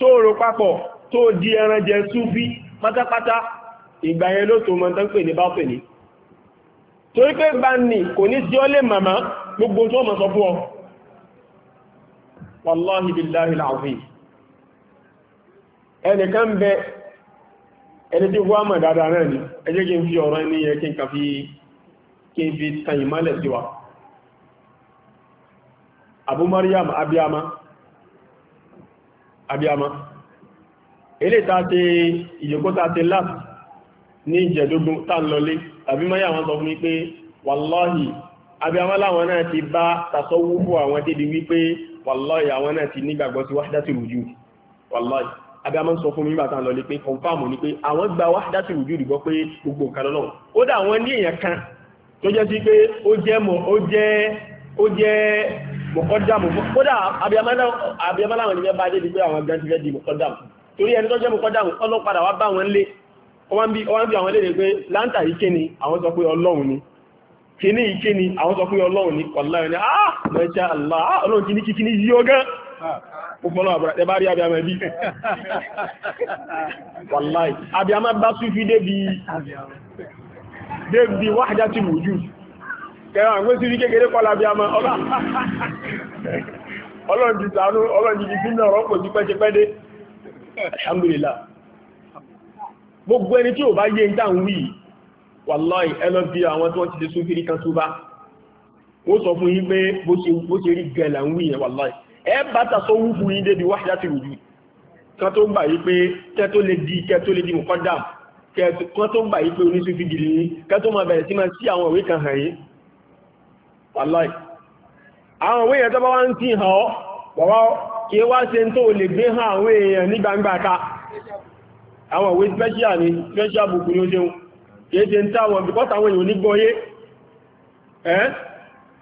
tó rò papọ̀ tó di ẹran jẹ pátápátá ìgbà yẹn ló tó tán pè ní torí pé bá ní kò ní sí ọ màmá gbogbo tó mọ̀ sọ fún ọ wàláhì bíláhì láàfí ẹnìkan bẹ ẹni tí wọ́n mọ̀ dáadáa náà ni ẹjẹ́ kí n fi ọ̀rọ̀ ẹni yẹ kí n fi sí wa abu maryam abiyama abiyama ilé ta ti ìyẹ̀kó ta ti láti ní ìjẹ̀dógún tá lọlé tàbí mọ́yà wọn sọ fún mi pé wàlọ́hì abiyamọ́ láwọn náà ti bá tasọ́wúfù àwọn débi wípé wàlọ́hì àwọn náà ti nígbàgbọ́ sí wahdatul wujud wàlọ́hì abiyamọ́ sọ fún mi bàtà lọ lè pé kọ̀nfàmù ni pé àwọn gba wahdatul wujud gbọ́ pé gbogbo nǹkan lọ́wọ́ ó dà wọ́n ní èèyàn kan tó jẹ́ sí pé ó jẹ́ mọ̀ ó jẹ́ ó torí ẹni tó jẹ́ mọ̀kọ́dàmù ọlọ́padà wá bá wọn lé wọ́n bí àwọn léde pé láńtà ìké ni àwọn sọ pé ọlọ́run ni kíní ìké ni àwọn sọ pé ọlọ́run ni kọ̀láyọ̀ ni ah mẹ́ṣẹ́ allah ah, ọlọ́run kíní kíní yíó gán ọpọlọ àbúrẹ̀ rí abiyamọ bí wàláì abiyamọ bá súfí débi wáhàjá ti wùjú kẹwàá ń gbé sí kékeré kọ́lá abiyamọ ọlọ́run ti sàánú ọlọ́run ti fi sínú ọ̀rọ̀ pọ̀ sí pẹ́ṣẹpẹ́dé alhamdulillah gbogbo ẹni tí ò bá yé ń dáhùn wí wàláì ẹlọ́bí àwọn tí wọ́n ti ṣe súnfìrí kan tó bá wọ́n sọ fún yín pé bó ṣe rí gẹ̀ẹ́lá ń wí yẹn wàláì ẹ bá tàṣọ wú fún yín débi wá láti rò jù kan tó ń bà yí pé kẹ́ tó lè di kẹ́ tó lè di mọ̀kọ́dà kan tó ń bà yí pé oníṣúfì gidi ní kẹ́ tó máa bẹ̀rẹ̀ sí máa sí àwọn ìwé kan hàn yín wàláì àwọn ìwé yẹn tó bá wá ń sí hàn ọ́ wàwá kí wá ṣe tó lè gbé hàn àwọn èèyàn ní ká àwọn ìwé special ni special book ni ó ṣeun kìí ṣe ń táwọn because àwọn èèyàn ní gbọ́yé ẹ́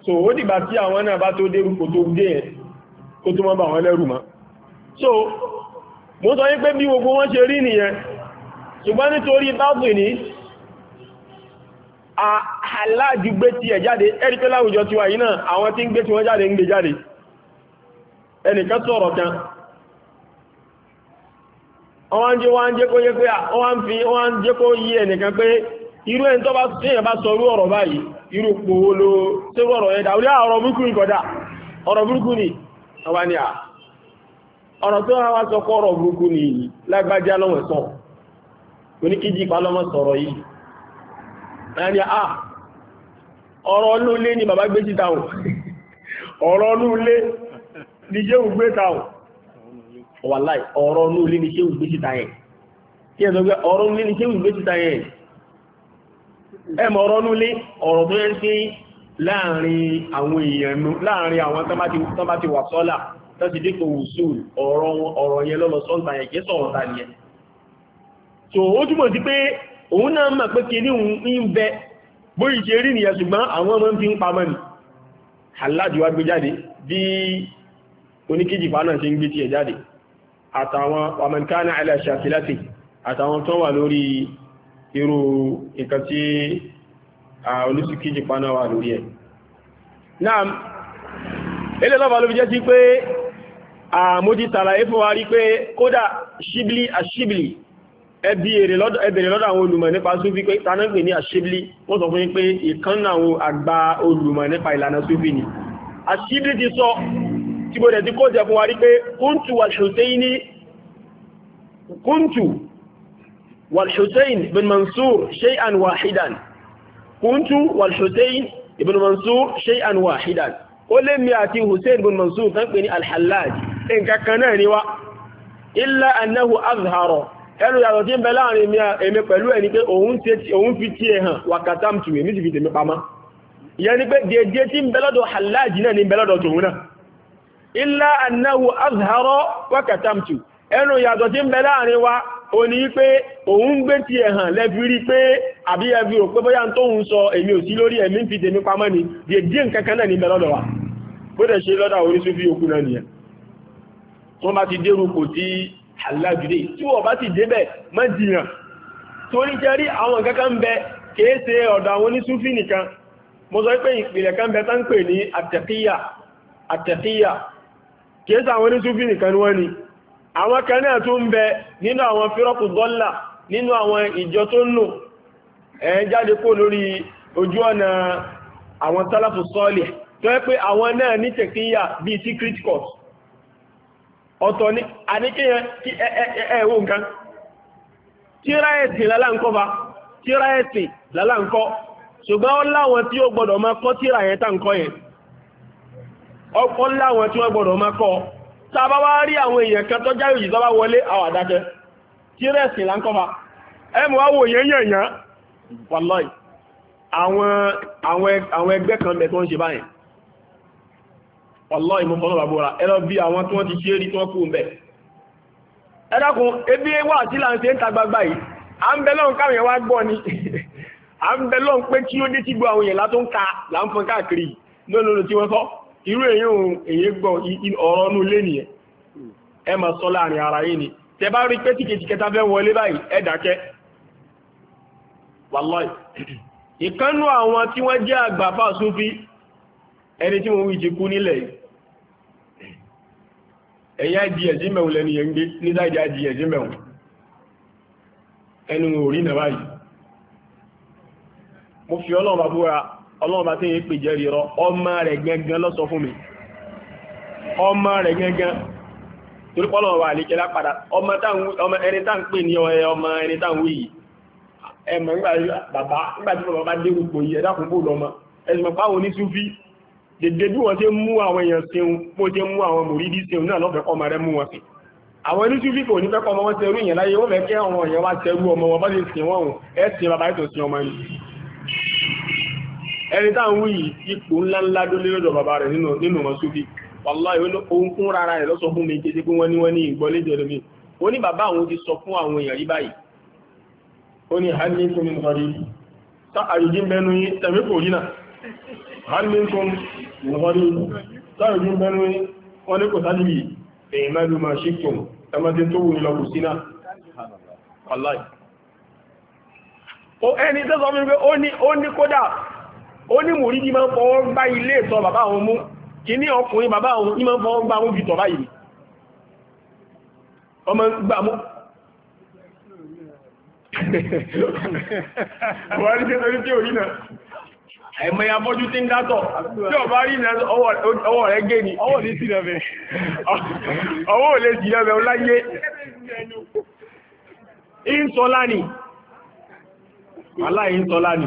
so ó dìgbà tí àwọn náà bá tó dérú kò tó dé ẹ̀ kó tó mọ́ bà wọ́n lẹ́rù mọ́ so mo sọ yí pé bí gbogbo wọ́n ṣe rí nìyẹn ṣùgbọ́n nítorí báàbù ní aláàjú gbé ti ẹ̀ jáde ẹ̀rí pé láwùjọ tiwa yìí náà àwọn tí ń gbé tí wọ́n jáde ń gbé jáde ẹnìkan sọ̀rọ̀ kan ọwọ́n jẹ́ wọ́n jẹ́ kó yẹ pé wọ́n fi wọ́n jẹ́ kó yí ẹnìkan pé irú ẹni bá tíyàn bá sọ ọ̀rọ̀ báyìí irú pòó ló tí ọ̀rọ̀ ẹ̀dà orí ah, ọ̀rọ̀ burúkú ní ọ̀rọ̀ burúkú ah, ọ̀rọ̀ tó wá sọ kọ́ ọ̀rọ̀ burúkú lágbájá lọ́wọ́ wàláì ọ̀rọ̀ ní olé ní ṣe ìgbé síta yẹn kí ẹ̀sọ́ pé ọ̀rọ̀ ní ní ṣe ìgbé síta yẹn ẹmọ ọ̀rọ̀ ní olé ọ̀rọ̀ tó yẹn sí láàrin àwọn èèyàn nú láàrin àwọn tán wà sọ́là tán dípò wùsùl ọ̀rọ̀ yẹn lọ́lọ́ sọ́ǹtà yẹn kí sọ̀rọ̀ ta so ó túmọ̀ sí pé òun náà mọ̀ pé kí ní ń bẹ bóyí ṣe rí nìyẹn ṣùgbọ́n àwọn ń gbé jáde bí jáde àtàwọn ọmọkánà aláṣàkìláti àtàwọn tó wà lórí irú nǹkan tí olùsìkíjì paná wà lórí ẹ̀ náà ilẹ̀ lọ́fà ló fi jẹ́ sí pé àmójí tàlàyé fún wa rí pé kódà ṣíblì àṣíblì ẹbí ẹbẹ̀rẹ̀ lọ́dọ̀ àwọn olùmọ̀ nípa súfí pé tanágbè ní àṣíblì wọ́n sọ fún yín pé ìkan náà àgbà tí mo rẹ̀ ti kó jẹ fún wa rí pé kúntù wàlṣùsẹ́yìn kúntù wàlṣùsẹ́yìn bin Mansur shay'an wahidan kúntù wàlṣùsẹ́yìn ibn Mansur shay'an wahidan ó lé mi àti Hussein bin Mansur tán pè ní alhallaj nǹkan kan náà ni wa illa annahu azharo ẹnu yàtọ̀ tí ń bẹ láàrin èmi pẹ̀lú ẹni pé òun fi tí ẹ hàn wàkàtà mtùwé ní ti fi tèmi pamọ́ ìyẹn pé déédéé tí ń bẹ lọ́dọ̀ hallaj náà ni ń bẹ lọ́dọ̀ tòun náà ilá annáhu azharọ́ wákàtàmtù ẹnu ìyàtọ̀ tí ń bẹ láàrin wa o ní pé òun gbé ti ẹ̀hàn lẹ́fi rí pé àbí ẹbí ò pé bóyá tó ń sọ èmi ò sí lórí ẹ̀mí fi tèmi pamọ́ ni dèdí nǹkankan náà ní bẹ lọ́dọ̀ wa bó dẹ̀ ṣe lọ́dọ̀ orí sófí okú náà nìyẹn wọ́n bá ti dérú kò tí alájúdé tí wọ́n bá ti débẹ̀ mọ́ jìyàn torí jẹ́rí àwọn nǹkankan ń bẹ kìí ṣe ọ̀dọ̀ àwọn onísúfí nìkan mo sọ pé ìpìlẹ̀ kan bẹ tán pè ní àtẹ̀kíyà àtẹ̀kíyà kìí sàwọn oníṣúfì nìkan wọ́n ni àwọn kan náà tó ń bẹ nínú àwọn fírọ́kù gọ́là nínú àwọn ìjọ tó ń lò ẹ̀ jáde kó lórí ojú ọ̀nà àwọn tálàfù sọ́ọ̀lì tó yẹ pé àwọn náà ní tẹ̀kíyà bíi secret court ọ̀tọ̀ ni àníkíyàn kí ẹ ẹ ẹ ẹ wò nǹkan tíra ẹ̀sìn lálá ń kọ́ ba tíra ẹ̀sìn lálá ń kọ́ ṣùgbọ́n ó láwọn tí ó gbọ́dọ̀ máa kọ́ tíra yẹn tá yẹn ọkọ̀ ńlá wọn tí wọ́n gbọ́dọ̀ máa kọ́ tàbá wá rí àwọn èèyàn kan tó jáyò yìí tọ́bá wọlé àwọn àdájẹ́ tí rẹ̀sìn là ń kọ́fà ẹmù wá wò yẹn yẹ̀yàn wàláì àwọn ẹgbẹ́ kan bẹ̀ tó ń ṣe báyìí wàláì mo fọ́nà bàbúra ẹlọ bí àwọn tí wọ́n ti ṣe rí tí wọ́n kú mbẹ̀ ẹ dákun ebi wà tí là ń ṣe ń ta gbagba yìí à ń bẹ lọ́n káwọn yẹn wá gbọ́ ni à ń bẹ lọ́n pé kí ó dé tí gbọ́ àwọn yẹn tí wọ́n sọ́ irú èyí ohun èyí gbọ́ ọ̀rọ̀ inú ilé nìyẹn ẹ máa sọ láàrin ara yìí ni tẹ bá rí pé tìkejì kẹta fẹ́ wọlé báyìí ẹ dákẹ́ ìkánú àwọn tí wọ́n jẹ́ àgbà ẹni tí wọ́n wí ti kú nílẹ̀ ẹ̀yà ọlọ́run bá tí yìí pè jẹ́rìí rọ ọmọ rẹ̀ gangan ló sọ fún mi ọmọ rẹ̀ gangan torí pọ́lọ̀ wà lè kẹ́lá padà ọmọ ẹni tá ń pè ní ọmọ ẹni tá ń wí yìí ẹmọ̀ nígbàtí bàbá bá dérú pò yìí ẹ̀dàkùn bò lọ́mọ ẹ̀sùn páwọn onísúfí dèdè bí wọ́n ṣe mú àwọn èèyàn seun bó ṣe mú àwọn mòrídí seun náà lọ́fẹ̀ẹ́ kọ́ ọmọ rẹ̀ mú wọn sí àwọn onísúfí kò ní fẹ́ kọ́ ọmọ wọn ṣerú ìyẹn láyé wọ́n fẹ́ kẹ́ àwọn èèyàn wá ṣerú ọmọ wọn bá ṣe sìn wọn ẹ̀sìn bàbá ètò sí ọmọ yìí ẹni táwọn wí ipò ńláńlá ló lérò bàbá rẹ̀ nínú wọn sófì wàláì ohun fún rárá rẹ̀ lọ́sọ fún mi kéde pé wọ́n ní wọ́n ní ìgbọ́lé jẹ́rẹ̀ mi ó ní bàbá àwọn ti sọ fún àwọn èèyàn rí báyìí ó ní hanninkun ní nǹkan rí tá àyíjí mẹ́nu yín tẹ̀mí kò yínà hanninkun nǹkan rí ó ẹni tẹ́sọ̀ mi pé ó ní kódà ó ní mùrídí máa ń fọwọ́ gbá ilé ìtọ́ bàbá òun mú kí ní ọkùnrin bàbá òun ní máa ń fọwọ́ gbá ọmọ gbà mú wọ́n rí tẹ́tọ́ tí ò rí náà ẹ̀mọ̀ ya bọ́jú tí ń dátọ̀ tí ọba rí ní ọwọ́ rẹ̀ gé ni ọwọ́ lè sí lẹ́bẹ̀ ọláyé ni ni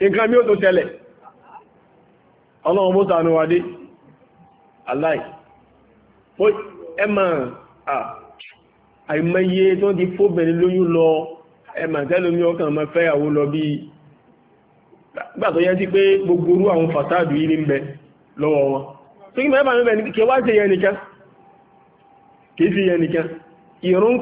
nǹkan mi ó tó tẹ́lẹ̀ ọlọ́run bó sànú wadé aláì ó ẹmà àìmọye tó ti fóbìnrin lóyún lọ ẹmà tẹ́lómi ọkàn mọ́ fẹ́yàwó lọ bí gbà tó yẹ́ sí pé gbogbo orú àwọn fàtàdù yìí ń bẹ lọ́wọ́ wọn tó kí mẹ́bàá kí wá nìkan kì í nìkan ìrún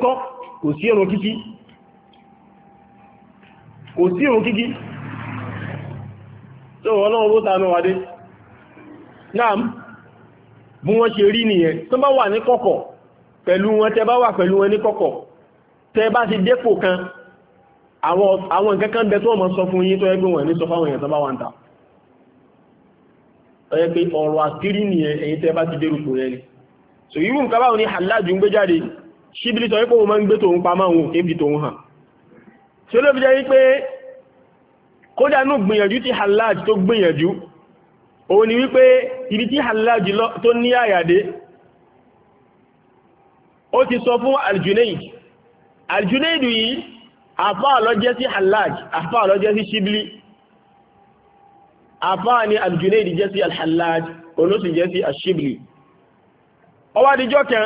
tó ọlọ́run ló tánú wadé náà bí wọ́n ṣe rí nìyẹn tó bá wà ní kọ̀kọ̀ pẹ̀lú wọn tẹ bá wà pẹ̀lú wọn ní kọ̀kọ̀ tẹ bá ti dépò kan àwọn nǹkan kan bẹ tó ọmọ sọ fún yín tó ẹgbẹ́ wọn sọ fáwọn èèyàn tó bá wà ń ta ọyẹ pé ọ̀rọ̀ àṣírí nìyẹn ẹ̀yin tẹ bá ti dérúkọ rẹ ni so irú nǹkan báwọn ní aláàjù ń gbé jáde ṣíbílì sọ wípé òun máa ń gbé tòun pamọ́ òun kódà nú gbìyànjú tí hallaj tó gbìyànjú òun ni wípé ibi tí hallaj tó ní àyàdé ó ti sọ fún aljunaid aljunaid yìí àfá lọ́jẹ́ sí hallaj àfá lọ́jẹ́ sí shibli àfá ni aljunaid jẹ́ sí alhallaj olóṣì jẹ́ sí ashibli ó wá di ọjọ́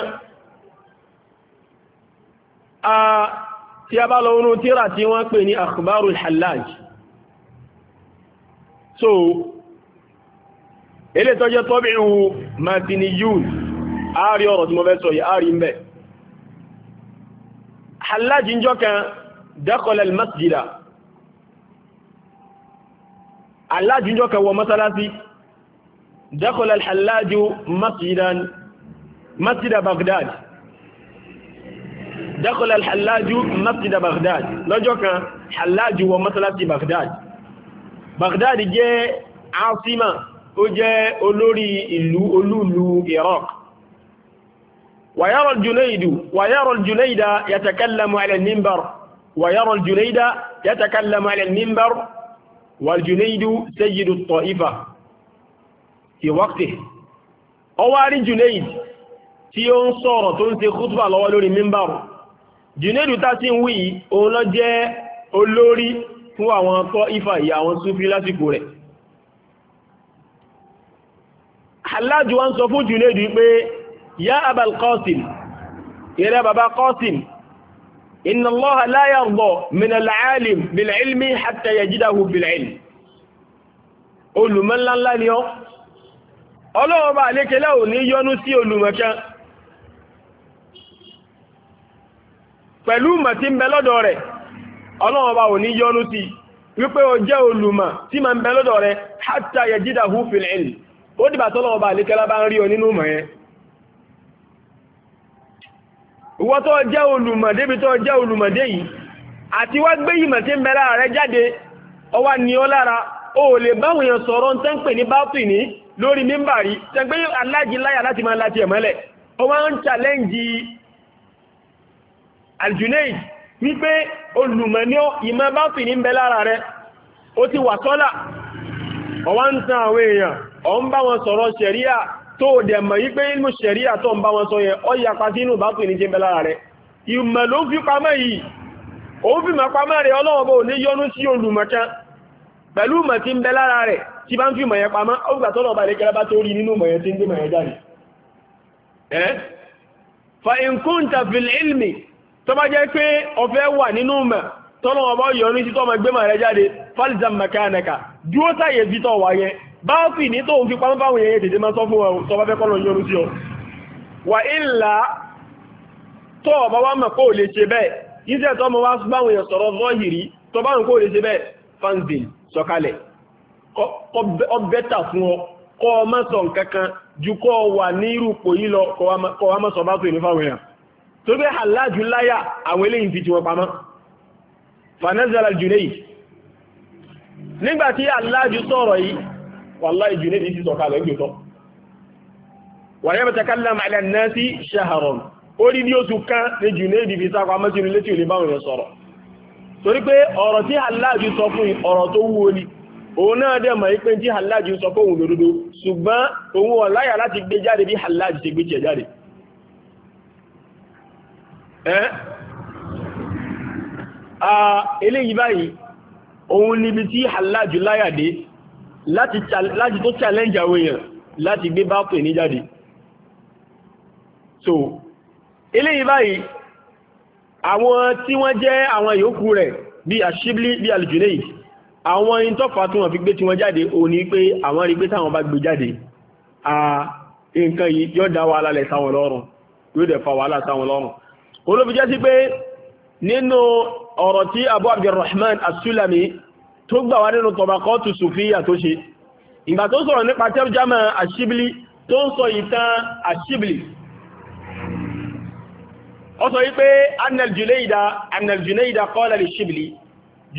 a bá lọ tíra tí wọ́n pè ní akhbarul hallaj so ilé tọ́jẹ́ tọ́bí ìhù martini yun ààrí ọ̀rọ̀ tí mo fẹ́ sọ yìí ààrí mẹ́ halájí jọ kan dakhala al-masjida halájí jọ kan wọ masalasi dakhala al-halájú masjidan masjida Baghdad dakhala al masjida Baghdad lọ́jọ́ kan halájú wọ masalasi Baghdad Baghdad jẹ́ asima ó jẹ́ olórí ìlú olúlu Iraq wàyárọ̀ Junaidu wàyárọ̀ Junaida yatakallamu ala al-minbar wàyárọ̀ Junaida yatakallamu ala al-minbar wàljunaidu sayyidu at-ta'ifa fi waqtihi ó wá rí Junaid tí ó ń sọ̀rọ̀ tó ń ṣe khutba lọ́wọ́ lórí minbar Junaidu tá sí ń wí òun lọ jẹ́ olórí fún àwọn tọ́ ifá ìyà àwọn súfí lásìkò rẹ̀ aláàjù wọ́n sọ fún Junaidu pé ya abal qasim ìrẹ́ baba qasim inna allaha la yarda min al'alim bil ilmi hatta yajidahu bil ilm olùmọ́láńlá ni ọ́ ọlọ́wọ́ pẹ̀lú mọ̀ tí ń bẹ lọ́dọ̀ rẹ̀ ọlọ́run bá wò ní yọ́nú sí wípé o jẹ́ olùmọ̀ tí ma ń bẹ lọ́dọ̀ rẹ hátà yẹ jídà hù fil ilm ó dìbà tọ́lọ́run bá àlékẹ́lá bá ń rí ọ nínú mọ̀ yẹn ìwọ tó jẹ́ olùmọ̀ débi tó ni ó lára o lè báwọn èèyàn sọ̀rọ̀ ń tẹ́ lórí mímbàrí tẹ́ pé láti máa láti ẹ̀mọ́lẹ̀ ó wá ń challenge al wípé olùmọ̀ ní ìmọ̀ bá fi ní bẹ lára rẹ̀ ó ti wà sọ́là ọwá ń tan àwọn èèyàn ọ ń bá wọn sọ̀rọ̀ ṣẹ̀ríà tó dẹ̀ mọ̀ yí pé ilmù ṣẹ̀ríà tó ń bá wọn sọ ọ yà pa sínú bá fi ní jẹ́ bẹ lára ìmọ̀ ló fi pamọ́ yìí ó fi mọ̀ pamọ́ ọlọ́wọ́ ní yọnu sí olùmọ̀ kan pẹ̀lú mọ̀ tí ń bẹ lára tí bá ń fi mọ̀ yẹn tó bá jẹ́ pé ọ̀fẹ́ wà nínú mẹ́ tọ́lọ́ ọba yọrí sí tọ́mọ gbé mọ̀ rẹ jáde falizam makanaka dúró sáyè bí tọ́ wà yẹn bá sì ní tóun fi pamọ́ fáwọn èèyàn wa mọ̀ kó lè ṣe bẹ́ẹ̀ yíṣẹ́ tọ́mọ wa báwọn èèyàn sọ̀rọ̀ zọ́hìrì tọ́ bá ń kó lè ṣe bẹ́ẹ̀ fanzil sọ̀kalẹ̀ ọbẹ̀ta fún ọ kọ́ ọ mọ̀ sọ nǹkan kan ju kọ́ wà ní irú pò yí lọ kọ́ wa bá tó ìnífàwọ̀ èèyàn tó bẹ́ aláàjú láyà àwọn eléyìn fi ti wọn pamọ́ fanazala junaid nígbàtí aláàjú sọ̀rọ̀ yìí wallahi junaid ti sọ kalẹ̀ gbẹ̀tọ́ wà yẹ́ mẹ́tẹ̀kálàm alẹ́nẹ́sí shaharon ó rí ní oṣù kan ní junaid fi sápa mẹ́sìnú létí olè bá wọn sọ̀rọ̀ torí pé ọ̀rọ̀ tí aláàjú sọ fún ọ̀rọ̀ tó wúwo ni òun náà dẹ̀ mọ̀ pé tí aláàjú sọ fún òun lòdodo ṣùgbọ́n òun ọ̀láyà láti gbé jáde bí aláàjú ti gbé tiẹ̀ jáde ẹ́ eléyìí báyìí òun níbi tí aláàjù láyàdé láti tó challenge àwọn èèyàn láti gbé bá pè ní jáde so eléyìí báyìí àwọn tí wọ́n jẹ́ àwọn yòókù rẹ̀ bí àṣíblí bí alìjùnéyì àwọn ìntọ́fà tí wọ́n fi gbé tí wọ́n jáde òun ni pé àwọn rí pé táwọn bá gbé jáde nǹkan yìí yóò dá wàhálà lẹ̀ sáwọn lọ́rùn yóò dẹ̀ fa wàhálà sáwọn lọ́rùn olóbi jẹ́ sí pé nínú ọ̀rọ̀ tí abu abdulrahman asulami tó gbà wá nínú tọbakọ́tù sufiya tó ṣe ìgbà tó sọ̀rọ̀ nípa tẹ́rùjámà àṣíbìlì tó ń sọ ìtàn àṣíbìlì ó sọ wípé annal junaida annal junaida qala li ṣíbìlì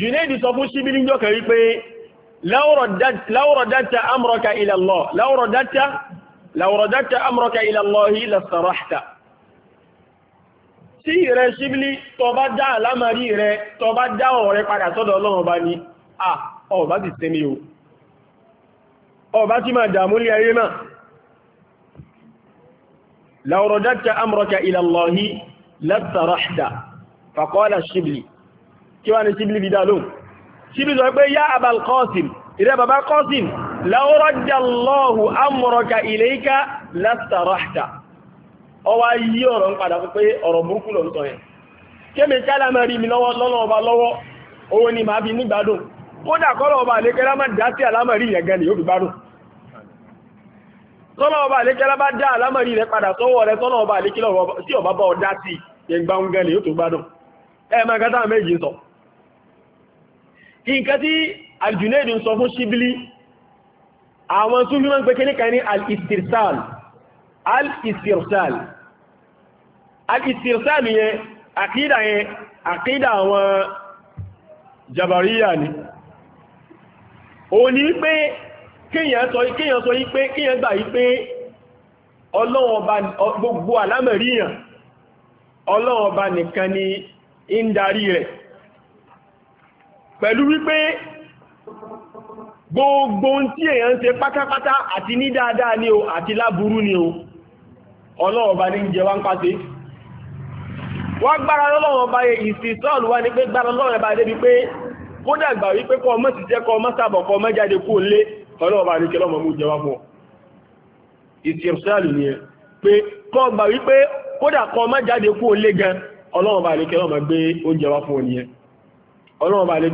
junaidi sọ fún ṣíbìlì ń jọ́kẹ̀ wípé láwọ̀rọ̀dáta amraka ila Allah láwọ̀rọ̀dáta amraka ila Allah tí ìrẹ ṣíbílí tó bá dá àlámàrí rẹ tó bá dá ọ̀rẹ́ padà sọ́dọ̀ ọlọ́run ọba ni à ọba ti sinmi o ọba ti máa dàmú ní ayé náà láwọ̀rọ̀dáta amuraka ìlàlọ́hí látàráṣdà fàkọ́lá ṣíbílì kí wá ní ṣíbílì bí dálóò ṣíbílì sọ pé yá abal kọ́sìm ọwá yí ọ̀rọ̀ ń padà pé ọ̀rọ̀ burúkú lọ sọ yẹn kémi kálá máa rí mi lọ́wọ́ lọ́nà ọba lọ́wọ́ owó ni màá fi nígbàdùn kódà kọ́lọ̀ ọba àlékẹ́lá má dá sí àlámọ̀rí yẹn gan ni yóò fi gbádùn tọ́lọ̀ ọba àlékẹ́lá bá dá àlámọ̀rí rẹ padà sọ́wọ́ rẹ tọ́lọ̀ ọba àlékẹ́lá tí ọba bá ọ dá sí yẹn gbá ń gan ni yóò tó gbádùn ẹ máa kátà méjì sọ nǹkan tí aljunaid ń sọ fún ṣíbílí àwọn súnmí máa ń pè kíníkà ní al-istirsal al-istirsal al-istirsalu yẹn àkídà yẹn àkídà àwọn jabariya ni o ní pé kíyàn sọ yí pé kíyàn gbà yí pé ọlọ́wọ́n bá gbogbo alámẹ̀ríyàn ọlọ́wọ́n bá nìkan ni ń darí rẹ̀ pẹ̀lú wípé gbogbo tí èyàn ń ṣe pátápátá àti ní dáadáa ni o àti láburú ni o ọlọ́wọ́n bá ní jẹ wá ń pàtẹ́ wọ́n gbára lọ́wọ́ bá yẹ ìsì sọ́ọ̀lù wá ní pé gbára lọ́wọ́ bá débi pé kódà gbà wípé kọ́ ọmọ sì jẹ́ kọ́ ọmọ sàbọ̀ kọ́ ọmọ jáde kó lé ọlọ́wọ́ bá ní kẹlọ́mọ mú jẹ wá fún ọ ìsì sọ́ọ̀lù ni ẹ pé kọ́ gbà wípé kódà kọ́ ọmọ jáde kó lé gan ọlọ́wọ́ bá ní kẹlọ́mọ gbé oúnjẹ wá fún ọ nìyẹn ọlọ́wọ́ bá ní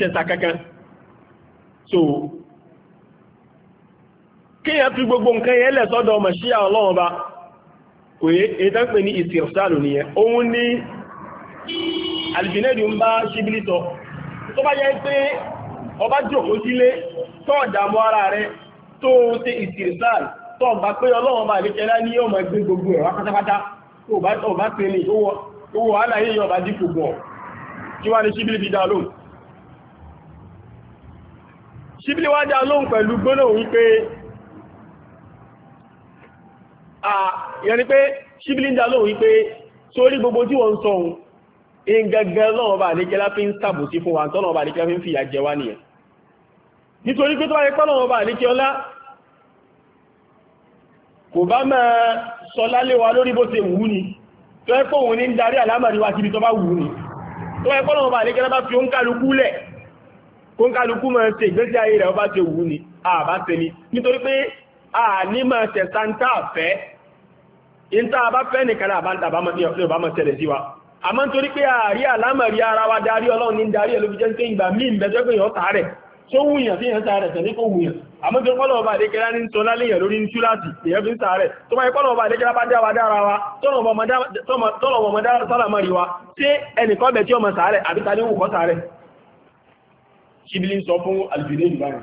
kẹlọ́mọ so kéèyàn fi gbogbo nǹkan yẹn lẹ̀ sọ́dọ̀ mọ̀ṣíà ọlọ́run ba kò yé ètò pé ní ìsìrìsàlù nìyẹn òun ní albinadi ń bá ṣíbílì sọ tó bá jẹ́ pé ọba jòkó sílé tó ọ̀dàmú ara rẹ tó ń ṣe ìsìrìsàlù tó ọ̀gbà pé ọlọ́run ba àlékẹ́lá ní yóò máa gbé gbogbo ẹ̀wà pátápátá tó ṣíbílì fi dá pẹ̀lú gbóná wípé ìyẹn ni pé ṣíbílíńdà lóhùn wípé sórí gbogbo tí wọ́n ń sọ ohun in gangan lọ́wọ́ bá àdékẹ́lá fi ń sàbòsí fún wa tọ́lọ́wọ́ bá àdékẹ́lá fi ń fìyà jẹ wá nìyẹn nítorí pé tó wáyé pọ́lọ́wọ́ bá àdékẹ́lá kò bá máa sọ lálé wa lórí bó ṣe wù ní tó ẹ́ pọ̀wọ̀n ní darí àlámàrí wa síbi tó bá wù ní tó ẹ́ pọ́lọ́wọ́ bá àdékẹ́lá bá fi ó ń kálukú lẹ̀ kó ń kálukú máa ṣe ìgbésí ayé rẹ̀ ó bá ṣe ànímọ̀ tẹ̀sántà fẹ́ in ta bá fẹ́ nìkan àbámọ́ tẹ̀lẹ̀ sí wa a mọ́ torí pé ààrí àlámọ̀rí ara wa darí ọlọ́run ní darí ẹlú jẹ́ tí ìgbà mí ìbẹ̀jọ́ pé yọ́ tààrẹ̀ tó wùyàn sí ìyàn tààrẹ̀ tẹ̀lé kó wùyàn a mọ́ torí pọ́lọ̀ ọba àdékẹ́lá ní tó láléyàn lórí ní ṣúláàtì èyàn fi ń tààrẹ̀ tó bá ipọ́lọ̀ ọba àdékẹ́lá bá dáwà dára wa tọ́lọ̀ ọmọ dára sálàmọ́rí wa tí ẹnìkan bẹ̀ tí ọmọ tààrẹ̀ àbí tààrẹ̀ wù sọ fún àlùfẹ́lẹ́ ìgbà rẹ̀